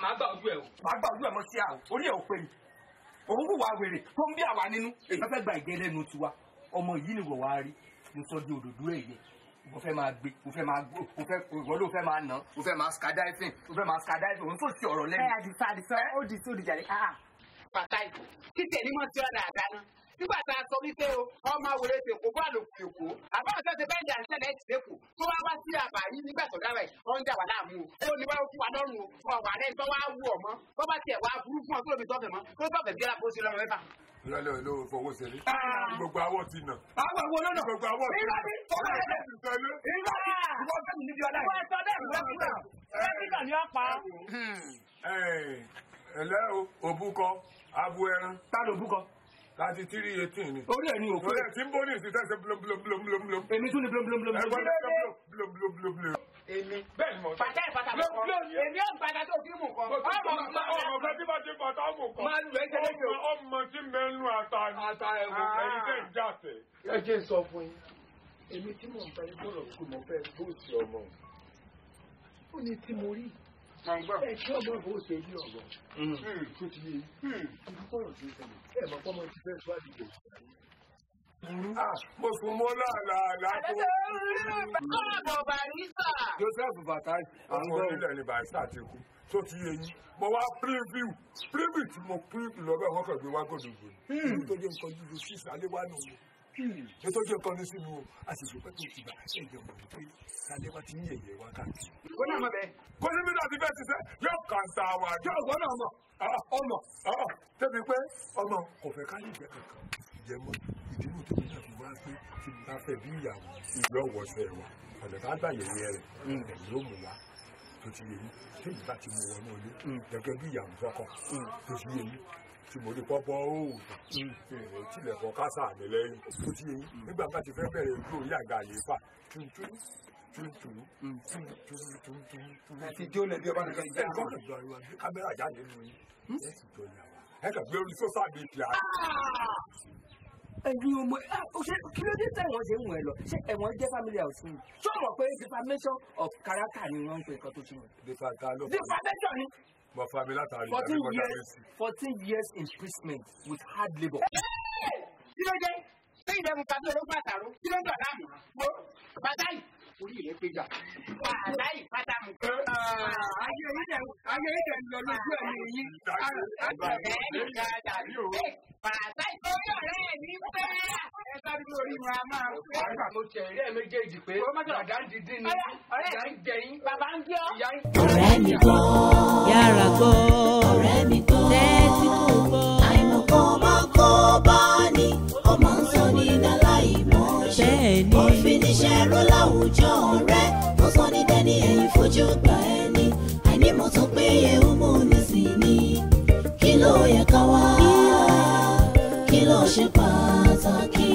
màá gbà ojú ẹ o. màá gbà ojú ẹ mọ sí àwọn orí ẹ ò pé ni òun hùwà wèrè tó ń bí àwa nínú èyí fẹ́ gba ìgẹ́ lẹ́nu tiwa ọmọ yìí ni wọ́n wá rí mo sọ di òdòdó ẹ̀yẹ mo fẹ́ máa gbé mo fẹ́ máa gbó mo fẹ́ ìwọ́n ló fẹ́ máa nà mo fẹ́ máa skydiving mo fẹ́ máa skydiving òun tó ti ọ̀rọ̀ lẹ́nu. ẹ àdìsọ àdìsọ ó di tó di jàre. Ah, ah. pàtàkì títẹ̀ ní mọ́tò ọ̀nà àdáná nígbà tá a sọ wípé o ọmọ àwòrán ti kó bọ́ọ̀lù kòkó àbá ọ̀sẹ̀ ti bẹ́ẹ̀ jà níṣẹ́ lẹ́yìn tìlẹ́kù tó wá wá sí àbá yìí nígbà tó dára ẹ̀ ọ́n dà wà láàmú o ó ní wá fún wa lọ́rùn o ọ̀wà rẹ̀ tó wá wù ọ̀mọ́ tó bá tiẹ̀ wá burú fún ọ tó lóbi tọ́fẹ̀ mọ́ tó bá bí alábó sí lọ́rùn mẹ́fà. ìrọ̀lẹ́ ò ló fọwọ́ sẹ́lẹ̀ gbogbo awọ ti nà. àwọn ìwọ thirty three eighteen ni. orí ẹ̀ ni òkú. orí ẹ̀ tí ń bó ní ìsìtẹ́ ṣe blomblomblomblom. èmi tún ni blomblomblom. ẹ̀gbọ́n mi sọ blomblomblom. èmi bẹ́ẹ̀ ni mo. bàtà ìbàtà mi kọ́ èmi ò bàtà tó kí mu kọ́. ọmọ ọmọ tí bá ti bàtà ó mú kọ́. máa lu ẹsẹ̀ lẹ́sẹ̀ o. ọmọ tí mẹ́nu ata ni. ata ẹ̀wò ah. ẹ̀yin tẹ̀ ń jà ẹ jẹ́ sọ fún yín èmi tí mò ń fẹ́ gbọ́dọ̀ kú mo fẹ́ ó ní tí mo rí ẹ̀kí ọgbọ́n kò ṣe ní ọ̀gbọ́n tó mm. ti yé ìdúkọ̀rọ̀ tó ṣẹlẹ̀ ẹ̀ mọ̀ pọ́nmọ́ ti fẹ́ tó àdìgbò mm-hmm. ah, mo sùn mọ́ láàlàálà tó. ọ̀dọ̀ barista. Joseph Bataille àwọn orílẹ̀ ni barista ti kú tó ti yé yín mo wá preview preview tí mo preview lọ́dọ̀ àwọn kan gbé wá gòdògbò ní. Mm. tó jẹ́ nǹkan jùlọ sí ìsàlẹ̀ wà nù ṣé tó jẹ́ kọ́ni sínú àṣìṣe pẹ́ tó ti gbà ẹ̀jẹ̀ mọ̀ pé kálẹ̀ wá ti ń yẹ̀yẹ̀ wá káàkiri. kó ní àmọ́ bẹ́ẹ̀. kó ní mílíọ̀nù ti fẹ́ ti fẹ́ yóò kàn sá wa jọ ọ̀gbọ́n náà mọ̀ ọmọ tẹ́bi pé ọmọ kò fẹ́ ká yìí kankan ìjẹ́mọ́ ìdínú tó ní àfi wá pé tí mo bá fẹ́ bí ìyàwó ìlọ́wọ́sẹ̀ wa ọ̀nà tá gbà yẹ̀wò tí mo rí pọ́pọ́ oògùn tilẹ̀kọ́ kásá mi lẹ́yìn tó ti yẹn nígbà bá ti fẹ́ bẹ̀rẹ̀ ojú orí àga yìí fà tuntun tuntun tuntun tuntun. àti jó lẹbi ọba nìkan jẹ àwọn ọmọ ìjọ ìwà kámẹ́rà jáde nù yín ẹ sì jọ ní àwa ẹ kàn gbé orí sọ́sà mi fi àá. ẹ̀dùn ọmọ ah, kí ló dé tẹ̀wọ̀n ṣe ń wọ̀ ẹ lọ ṣé ẹ̀wọ̀n jẹ́ family house ni ṣé o mọ̀ pé defamation of character ni wọ́n ń pè nǹkan tó ti wọ̀. defamation ni. But for me, that's how you 14 years, 14 years imprisonment with hard labor. Kí you. dé? Ṣé ìdẹ́mu tàbí ọ̀rọ̀ pàtàkó? Kí ló ń dọ̀dá mi? Wo bàtà yìí orí rẹ̀ péjà. Bàtà yìí bàtà mi. Ayé ìdẹ̀ ayé ìdẹ̀ lọ lójú ẹ̀mí yìí. Àgbẹ̀ ẹ̀yìn dáadáa orí wa máa ń pẹ́. àgbà mo tẹ̀ ẹ̀rí ẹ̀ méjèèjì pé bàdá ń dìdí ni bàdá ń jẹyìn bàbá ń jẹ́ ìyá ń jẹ́. ọ̀rẹ́ mi gbọ́ yàrá gbọ́ ọ̀rẹ́ mi gbọ́ tẹ́tí kò gbọ́. àìmọ̀kan máa kọ́ bá ní ọmọ ń sọ ní dáláìmọ̀ ṣe òfin níṣẹ́ ró láwùjọ rẹ̀ ó sọ ní dẹ́ni ẹ̀yìn fojú gbà ẹni àìnímọ̀ tó péye ó mú ní sí ni kí ló yẹ ká wá kí ló ṣe pa á sókè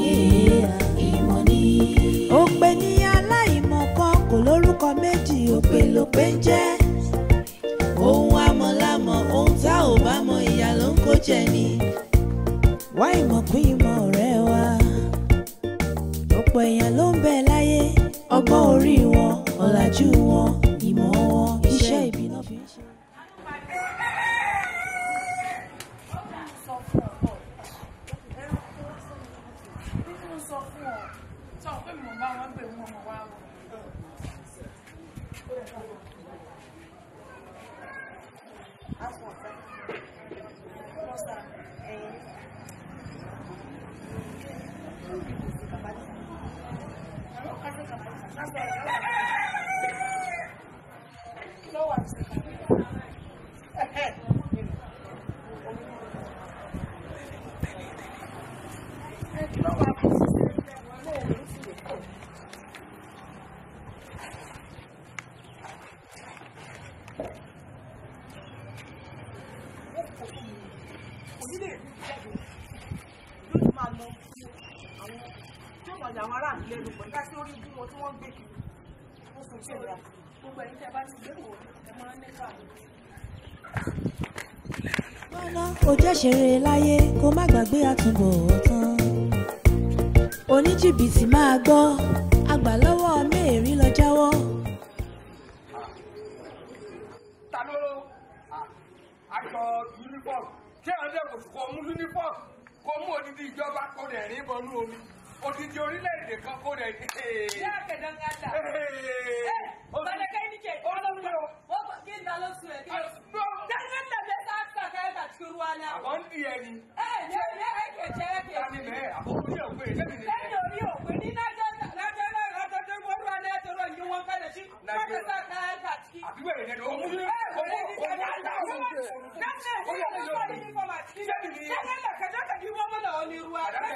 ìmọ̀ ni. ó pè ní aláìmọ̀kan kò lórúkọ méjì òpè ló pé ń jẹ́. ohun amọ̀lámọ̀ ohun tá ò bá mọ ìyá ló ń kó ọgbọ́n orí wọn ọ̀làjú wọn. lọ́nà ojúṣeré láyé kó má gbàgbé àtúbọ̀tán oníjìbìtì máa gbọ́ àgbà lọ́wọ́ mẹ́rin lọ jáwọ́. ta ló aṣọ uniform ṣé ọjọ́ kò uniform kò mú odidi ìjọba kò dẹ̀ rí bọnú omi odidi orílẹ̀-èdè kan kò dẹ̀. ṣé àkẹ́dọ̀ kike ololo o ko kin da lo su e ki lo dan nan da be ta ta ka ta ci ruwa na won di e ni eh ne ne ai ke je ke ani me a ko ni o pe ni ni o ni o pe ni na dájú ẹ̀ àbí wẹ̀rẹ̀ yẹn ló ń mú owó owó aláwọ̀ ó yà ló lórí iṣẹ́ mi ni àdájọ́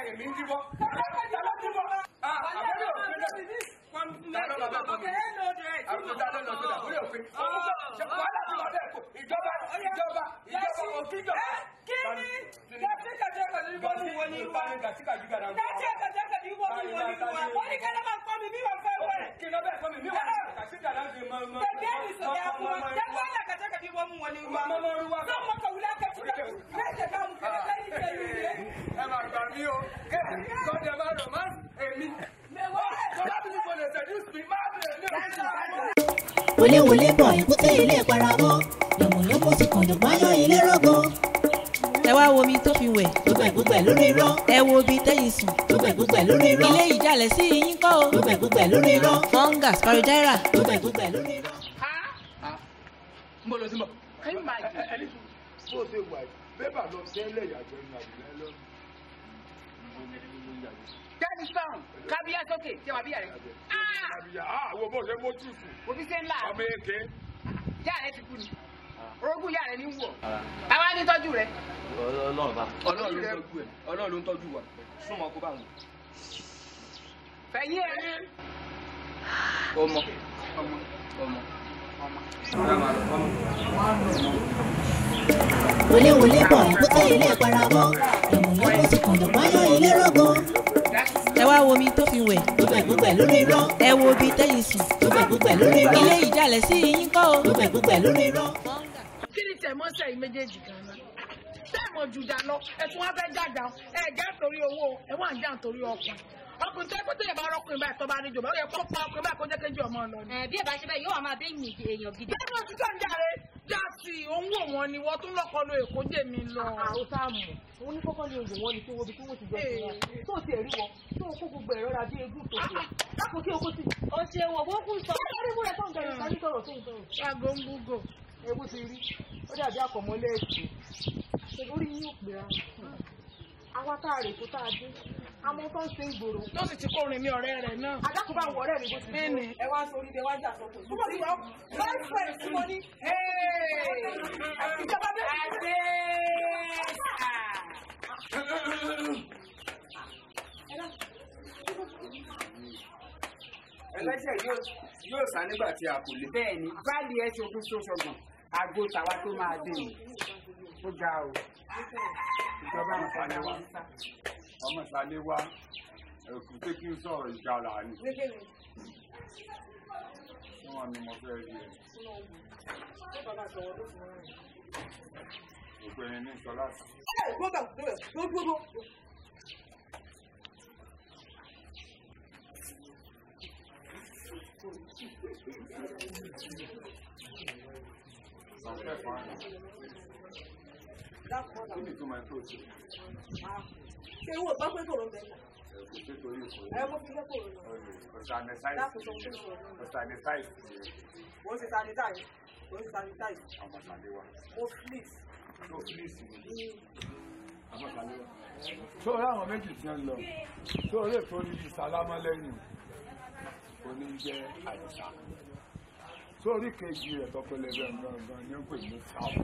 yẹn mi ń díbọ́ tàbí díbọ́ àbẹ́rẹ́ òfin náà tàbí lọ́dọ̀ tó bí àbúrò tàbí lọ́dọ̀ tó bí àbúrò òfin òfin tó wàhálà tó lọ́dọ̀ ẹ̀kọ́ ìjọba ìjọba ìjọba òfin jọ. kí ni dẹ́sí kàjẹ́ kàjú ìbọn ni wọ́n ní ìwà dẹ́sí kàjẹ́ kàjú ìbọn ni wọ́n ní ìwà wọ́n ní kẹ́lẹ́ máa kọ́ mi bí wọ́n fẹ́ wọ́n rẹ̀. kí ni ọbẹ̀ kọ́ mi bí wọ́n rẹ̀ kàjú da beni su da kuma dan bana ka je ka dibo mun wani bọ̀ ẹ̀kútẹ́ ilé ìparamọ́ lòmùlòpọ̀ ti kàn jọ̀gbọ́n yọ ilé rọ̀gbọ̀n ẹ wá wo omi tó fi wẹ̀. gbẹgbẹgbẹ lórí irọ́. ẹ wo omi tẹ́yìn sùn. gbẹgbẹgbẹ lórí irọ́. ilé ìjàlẹ̀ sí yín kọ́ o. gbẹgbẹgbẹ lórí irọ́. fungus paridaira. gbẹgbẹgbẹ lórí irọ́. ha ha n bolo sí mọ. ẹ má jẹ ẹ ní sùn. bó o ṣe wà yìí bẹ́ẹ̀ bá lọ sẹ́lẹ̀ ìyàgbẹ́ ìyàgbẹ́ lọ́nà gbẹ́ni sọ̀rùn kábíyá sókè tí wàá bíyà rẹ̀. kábíyá ah! àwọn ah, bó ṣe mójú sùn. òbí ṣe ń la. ọmọ èké. ìyá rẹ ti kú ni orógùn ìyá rẹ ní wù ọ́ táwa ní tọ́jú rẹ. ọlọ́run ló ń tọ́jú wa súnmọ́ kó bá wọn. fẹ̀yìn ẹ̀ ní. ọmọ ọmọ ọmọ wòlé wòlé bọ̀ ẹ̀kútẹ́ ilé ìparamọ́ ènìyàn kó sì kọ̀dọ̀ báyọ̀ ilé rògbò. ẹ wá wo mi tó fi wẹ̀. tó fẹ̀ gbúgbẹ̀ lórí irọ́. ẹ wo ibi tẹ́yìn sùn. tó fẹ̀ gbúgbẹ̀ lórí irọ́. ilé ìjàlẹ̀ sí yín kọ́ o. tó fẹ̀ gbúgbẹ̀ lórí irọ́ tẹ̀ mọ́ṣẹ́ yìí méjèèjì gan-an tẹ́ẹ̀mọ̀ jùjà lọ ẹ̀tún wá fẹ́ jàjà ẹ̀gẹ́ torí owó ẹ̀wọ̀n àjà torí ọkùnrin ọkùnrin tó ẹgbẹ́ tó yẹ bá rọkùnrin báyìí tó bá ní jòbá ó yẹ kó pa ọkùnrin báyìí kó jẹ́ kéjì ọmọ lọ ni. bí ẹ bá ṣe bẹ́ẹ̀ yóò máa bẹ́ ìyìn èèyàn gidi. bẹ́ẹ̀ ló ti ń jàre já sí òun wò wọn ni wọ́n tún lọ́kọ́ lo èkó jè mí lọ. àwọn sáàmù òun ní kọ́kọ́ ni òògùn wọn ni kí wọ́n bí kí wọ́n ti jọ sí wọn eh. tó ti ẹ̀rí wọn tó kó gbogbo ẹ̀rọ ra bí egún tó ah, ah. ṣe lápò kí o kó ti. ọ̀sẹ̀ wọ̀ wọ́n kún sọ. ó ebú ti rí ó dàbí àkọ̀mọ́lẹ̀ ètò ṣèlórí yín ò pè á àwa tá a rè kó tá a dé àmọ́ tó ń ṣe ìgboro. ló sì ti kórin ní ọ̀rẹ́ rẹ̀ náà. adákùnbá wọ ọ̀rẹ́ mi bó ti bẹ́ẹ̀ ẹ wá sórí ẹ wá jà sọ́kò. mo ní wọ́n my friend tí mo ní. ìjọba bẹ́ẹ̀. adé ẹlẹ́jẹ̀ yóò sá nígbà tí a kò lè. bẹ́ẹ̀ ni báàlì ẹ ṣe ogún ṣoṣọgbọ̀n àgbo tàwa tó máa dé ó ga o ìjọba ìsàlẹ̀ wa ọmọ ìsàlẹ̀ wa ẹ̀kú pé kí n sọ̀rọ̀ ìjàrà ni fún wọn ni mo fẹ́ rí ẹ. Gbogbo ẹni ní sọ láti. Thank you ṣé owó ìbá pé kòrò bẹ́ẹ̀ náà. ẹ mo fi lẹ́kọ̀ọ́ rẹ̀ lọ. ni tó mm. ráwọn méjì tí ń sórí kejì rẹ̀ tọpẹlẹ bẹ́ẹ̀ gangan ní ń pè ní sáwù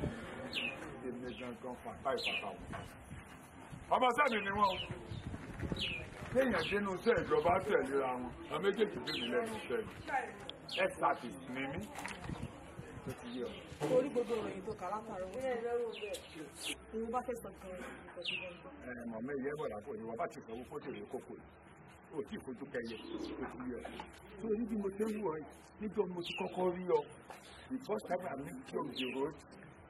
èmi gangan pàpà ìpàpà wọn. ọmọ sẹ́mi ni wọ́n kéèyàn dénú iṣẹ́ ìjọba tẹ̀léra wọn ọmọ méjèèjì bèbí lẹ́nu iṣẹ́ mi ẹ̀ sàtì ní mí. orí gbogbo ìròyìn tó kà látàrí wọn. ìwọ bá fẹ́ sọ gan-an. ẹ̀ mọ̀ mi ìyẹ́bọ̀ làkò ìwọ bá ti sọ owó fọ́tò ìwé kókò yìí o tí ì fojú kẹyẹ kò tí yẹ tó o ní bí mo ṣe ń wọ níjọ mo ti kọ́kọ́ rí ọ the first time I meet you on the road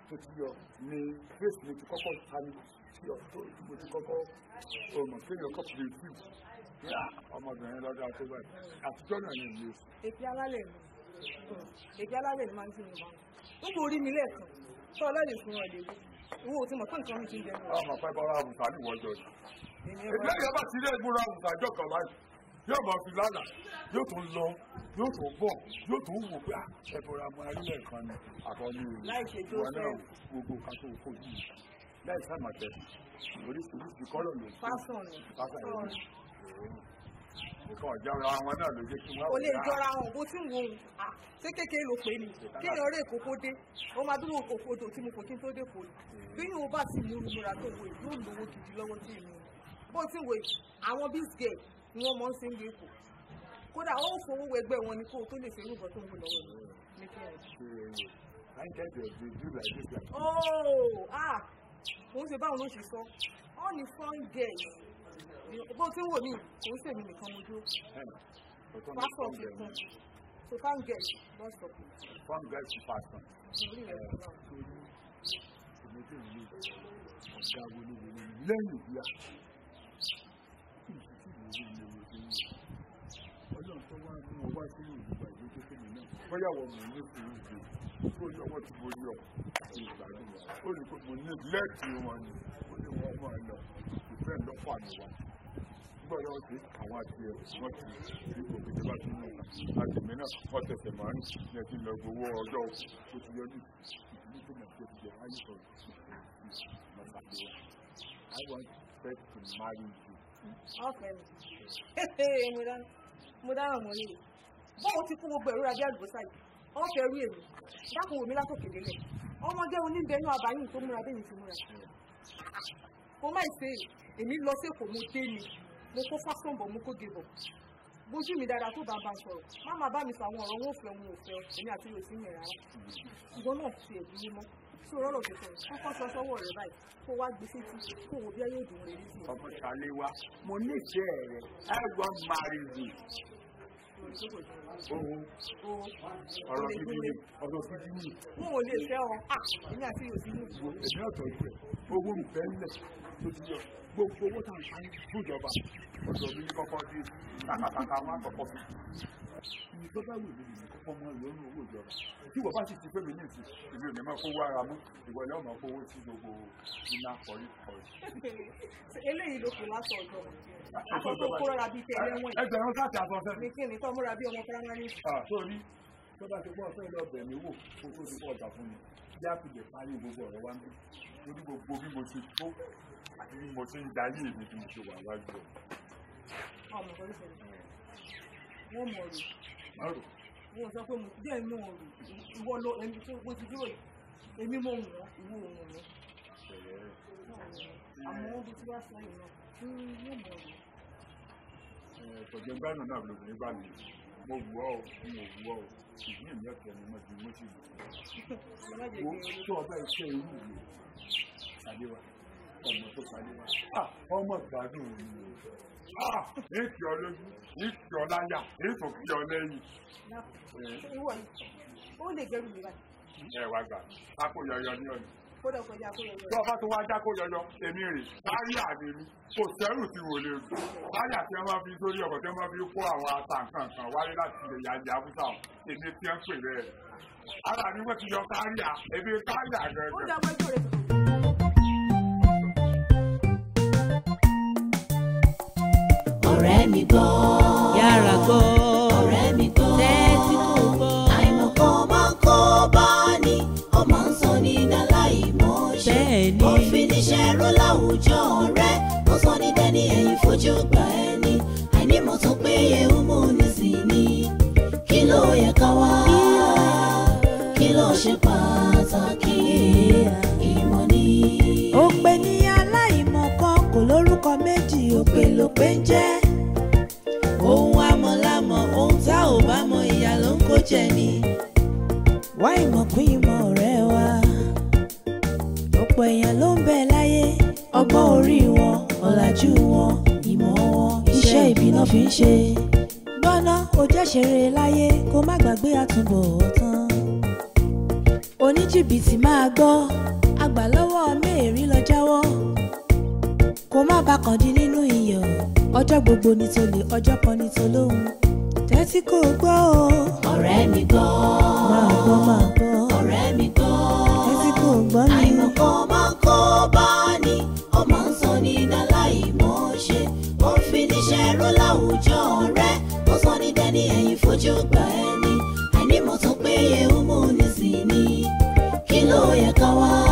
tó ti yọ ni face mi ti kọ́kọ́ ta mi tí ọ tó mo ti kọ́kọ́ ọmọ kéèyàn kọ́ fi ètí ọmọbìnrin lọ́dọ̀ àti wẹ̀ àtijọ́ náà ni ìlú. èké alálẹ̀ mi èké alálẹ̀ mi máa ń tì mí wọn ń borí mi lẹ́ẹ̀kan tó ọlọ́ọ̀lẹ̀ fún ọ̀dẹ̀ wo tí mo tó nǹkan mi ti ń jẹ. ọmọ pẹ́ bọ́lá àbùsà ni yìí ìgbẹ́ yẹn bá ti rí ẹgbẹ́ ra àwùjọ kan báyìí yóò máa fi lánàá yóò tún lọ yóò tún bọ̀ yóò tún wò pé ah, ẹ̀bùrà máa rí ẹ̀kan ni àkọ́ni o wọn náà gbogbo kan tó kó yìí láì sáàmà tẹ oríṣiríṣi kọ́lọ̀ ló ń fásán ni fásán ni nǹkan ọ̀jára wọn náà ló jẹ́ kí wọ́n wò ó. o lè jọra wọn bó tí ń wo òun ṣé kékeré ló pè mí kéèyàn rè kókó dé ó máa dúró òkòdò tí mo kò kí n tó dé kò rí mm. bí yóò bá sì mú un múra tó wo yóò lówó gidi lọ́wọ́ tí ì mú un bó ti wò yìí àwọn biscuit ni wọ́n mọ̀ ń sin bí ipò kódà ó fowó wẹgbẹ́ wọn ni kó o tó lè fi irú nǹkan tó ń bọ̀ lọ́wọ́ mi ní kí ẹ. ah òun ṣe báwọn ló ṣe sọ ọ ní fun girl bó ti wò mí òun ṣèmi nìkan mo dúró pásọ fi kún so fun girl don stop me. fun girl to pass on. torí ìmọ̀tò yìí ọ̀gá wọlé wọlé lẹ́yìn ìyá bóyáwó mi ní kùrú ju tó yọwọ́ tí mo yọ ìgbàlú ó ní pé mo ní lẹ́ẹ̀tì wọn ni ó ní wọn máa lọ ìfẹ́ lọ́pọ̀ àníwá nígbà yóò ṣe àwọn àti ẹ̀wọ̀n ti rí kò fi bá sínú àti mìíràn wọ́n tẹ̀sẹ̀ máa ń ní ẹtí lọ gbowó ọjọ́ tó ti yọ ní ìlú tó mọ̀ tó ti jẹ ayé sọ̀rọ̀ ìgbàlú wa expect to marry you. ọ̀fẹ́ mi mo dáná mo rí i bọ́ọ̀ ti fún gbogbo ẹ̀rọ ajé àlùbọ́sà yìí wọ́n fẹ́ rí èrò dákun wò mí látòkè délẹ̀ ọmọdé oníbẹ̀ẹ́nú àbáyé tó múra bẹ́ẹ̀ ti múra kò má ṣe èmi lọ sí èkó mo dé ni mo kó fásọ̀nbọ̀ mo kó gebọ̀ bójú mi dáadáa tó bá bá sọ̀rọ̀ má má bá mi sọ àwọn ọ̀rọ̀ wọn ò fẹ́ wọn ò fẹ́ èmi àti yòó yẹn rárá ṣùgbọ́n náà ti ẹ̀dùn mímọ́ tí o rọrùn kẹfẹ kọ́kọ́ sọ sọ́wọ́ rẹ báyìí kó wá gbé sétí kó wò bí ẹ yóò dùn rẹ létí. ọmọ ìsàlẹ̀ wa mo nífẹ̀ẹ́ rẹ i wan marry you. ni ọ̀rọ̀ gidi ni. Mo ò lè fẹ́ ọ, èmi àti yòó ti ní. Èmi ọ̀tọ̀ ìfẹ́, owó ìfẹ́ ń tó ti yọ gbogbo owó tá à ń san fúnjọba ọ̀dọ̀ mi ní kọ́kọ́ dé tàkàtàkà wọn àkọ́kọ́ mi. ìjọba wù mí ní kọ́kọ́ mọ ìwé ní owó ìjọba tí wọ́n bá sì ti pé mi ní ìsìn èmi ò máa kówó ara mú ìwọlé ọmọ kówó sí gbogbo iná kọrí kọrí. eléyìí ló kù lásán ọ̀dọ̀ àtọ̀ tó kó rọra bíi tẹ̀lé wọn. ẹgbẹ̀rún káàtì àtọ̀fẹ́. mi kí ni tọ́ múra bí ọmọ primary. ti pọ́ ọ̀fẹ́ lọ bẹ̀ wò kó tó ti pọ̀ ọ̀dà fún mi bí a fi lè parí gbogbo ọ̀rẹ́ wa ń bí torí gbogbo bí mo ti tó àti bí mo ti ń darí èmi tí ṣe wà wájú ẹ̀. ọmọ kan ló ṣẹlẹ̀ wọ́n mọ̀ rò. má rò. wọ́n sọ pé díẹ̀ mọ̀ rò ìwọ ló èmi tó bó ti dúró èmi mọ̀ wọ́n ìwọ òun rò. àmọ́ wọ́n bó ti wá sọ ìran wọ́n mọ̀ rò. ẹ̀ẹ́dọ̀gbẹ́gbẹ́ náà lòdì bá mi mo wù ọ́ mo wù ọ́ ìlú ìlú ẹ̀kọ́ ni mo di mo sì lù ú. tó ọba iṣẹ́ irú mi tàbí wa ọmọ tó sáyé wá ah, ọmọ gbádùn òun ni ah, èkì ọlójú èkì ọláyà èkò kí ọ lẹ́yìn. ó lè gbẹrù mi báyìí. ẹ wá gbà sáko yọyọ ní ọyọ. kódà kó yá kó yọyọ. tí tó wá já yọyọ èmi rè táyà mi kò sẹ́rù tí wò lè rù táyà tí wọ́n fi sórí ọkọ̀ tí wọ́n fi kó àwọn àtàǹkàǹkàn wálé láti ilẹ̀ yàjà abúlé àwọn èmi tí wọ́n pè rẹ̀ ara mi wọ́n ti yọ káríà èmi káríà gẹ́gẹ́. ó dàgbà jọ̀rọ̀ ọ̀rẹ́ mi gbọ́. yàrá gbọ́. ọ̀rẹ́ mi gbọ́. tẹ́tí kò gbọ́. àìmọ̀kan máa ń kọ́ bá ní ọmọ ń sọ ní dáláì mọ́ ṣe. bẹ́ẹ̀ni. òfin níṣẹ́ ró láwùjọ rẹ̀ ó sọ ní dẹ́ni ẹ̀yìn fojú gbà ẹni. àìní mo tún péye ó mú ní sí ni. kí ló yẹ ká wá? kí ló ṣe pàtàkì? ìmọ̀ ni. ó pè ní aláìmọ̀kan kò lórúkọ méjì òpè ló ń jẹ́. ìtọ́jú wọn ìmọ̀ wọn iṣẹ́ ibi náà fi ń ṣe. gbọ́ná o jẹ́ ṣeré láyé kó má gbàgbé àtúbọ̀tán. oníjìbìtì máa gbọ́ àgbà lọ́wọ́ mẹ́rin lọ jáwọ́ kó má bákan dín nínú iyọ̀ ọjọ́ gbogbo ní tolè ọjọ́ kan ní tolóhùn tẹ́tí kò gbọ́ o. ọ̀rẹ́ mi gbọ́. máa gbọ́ máa gbọ́. ọjọ́ rẹ ó sọ ní dẹni ẹ̀yìn fojú gbà ẹni àìnímọ̀ tó péye ó mú ní sí ni kí ló yẹ ká wá.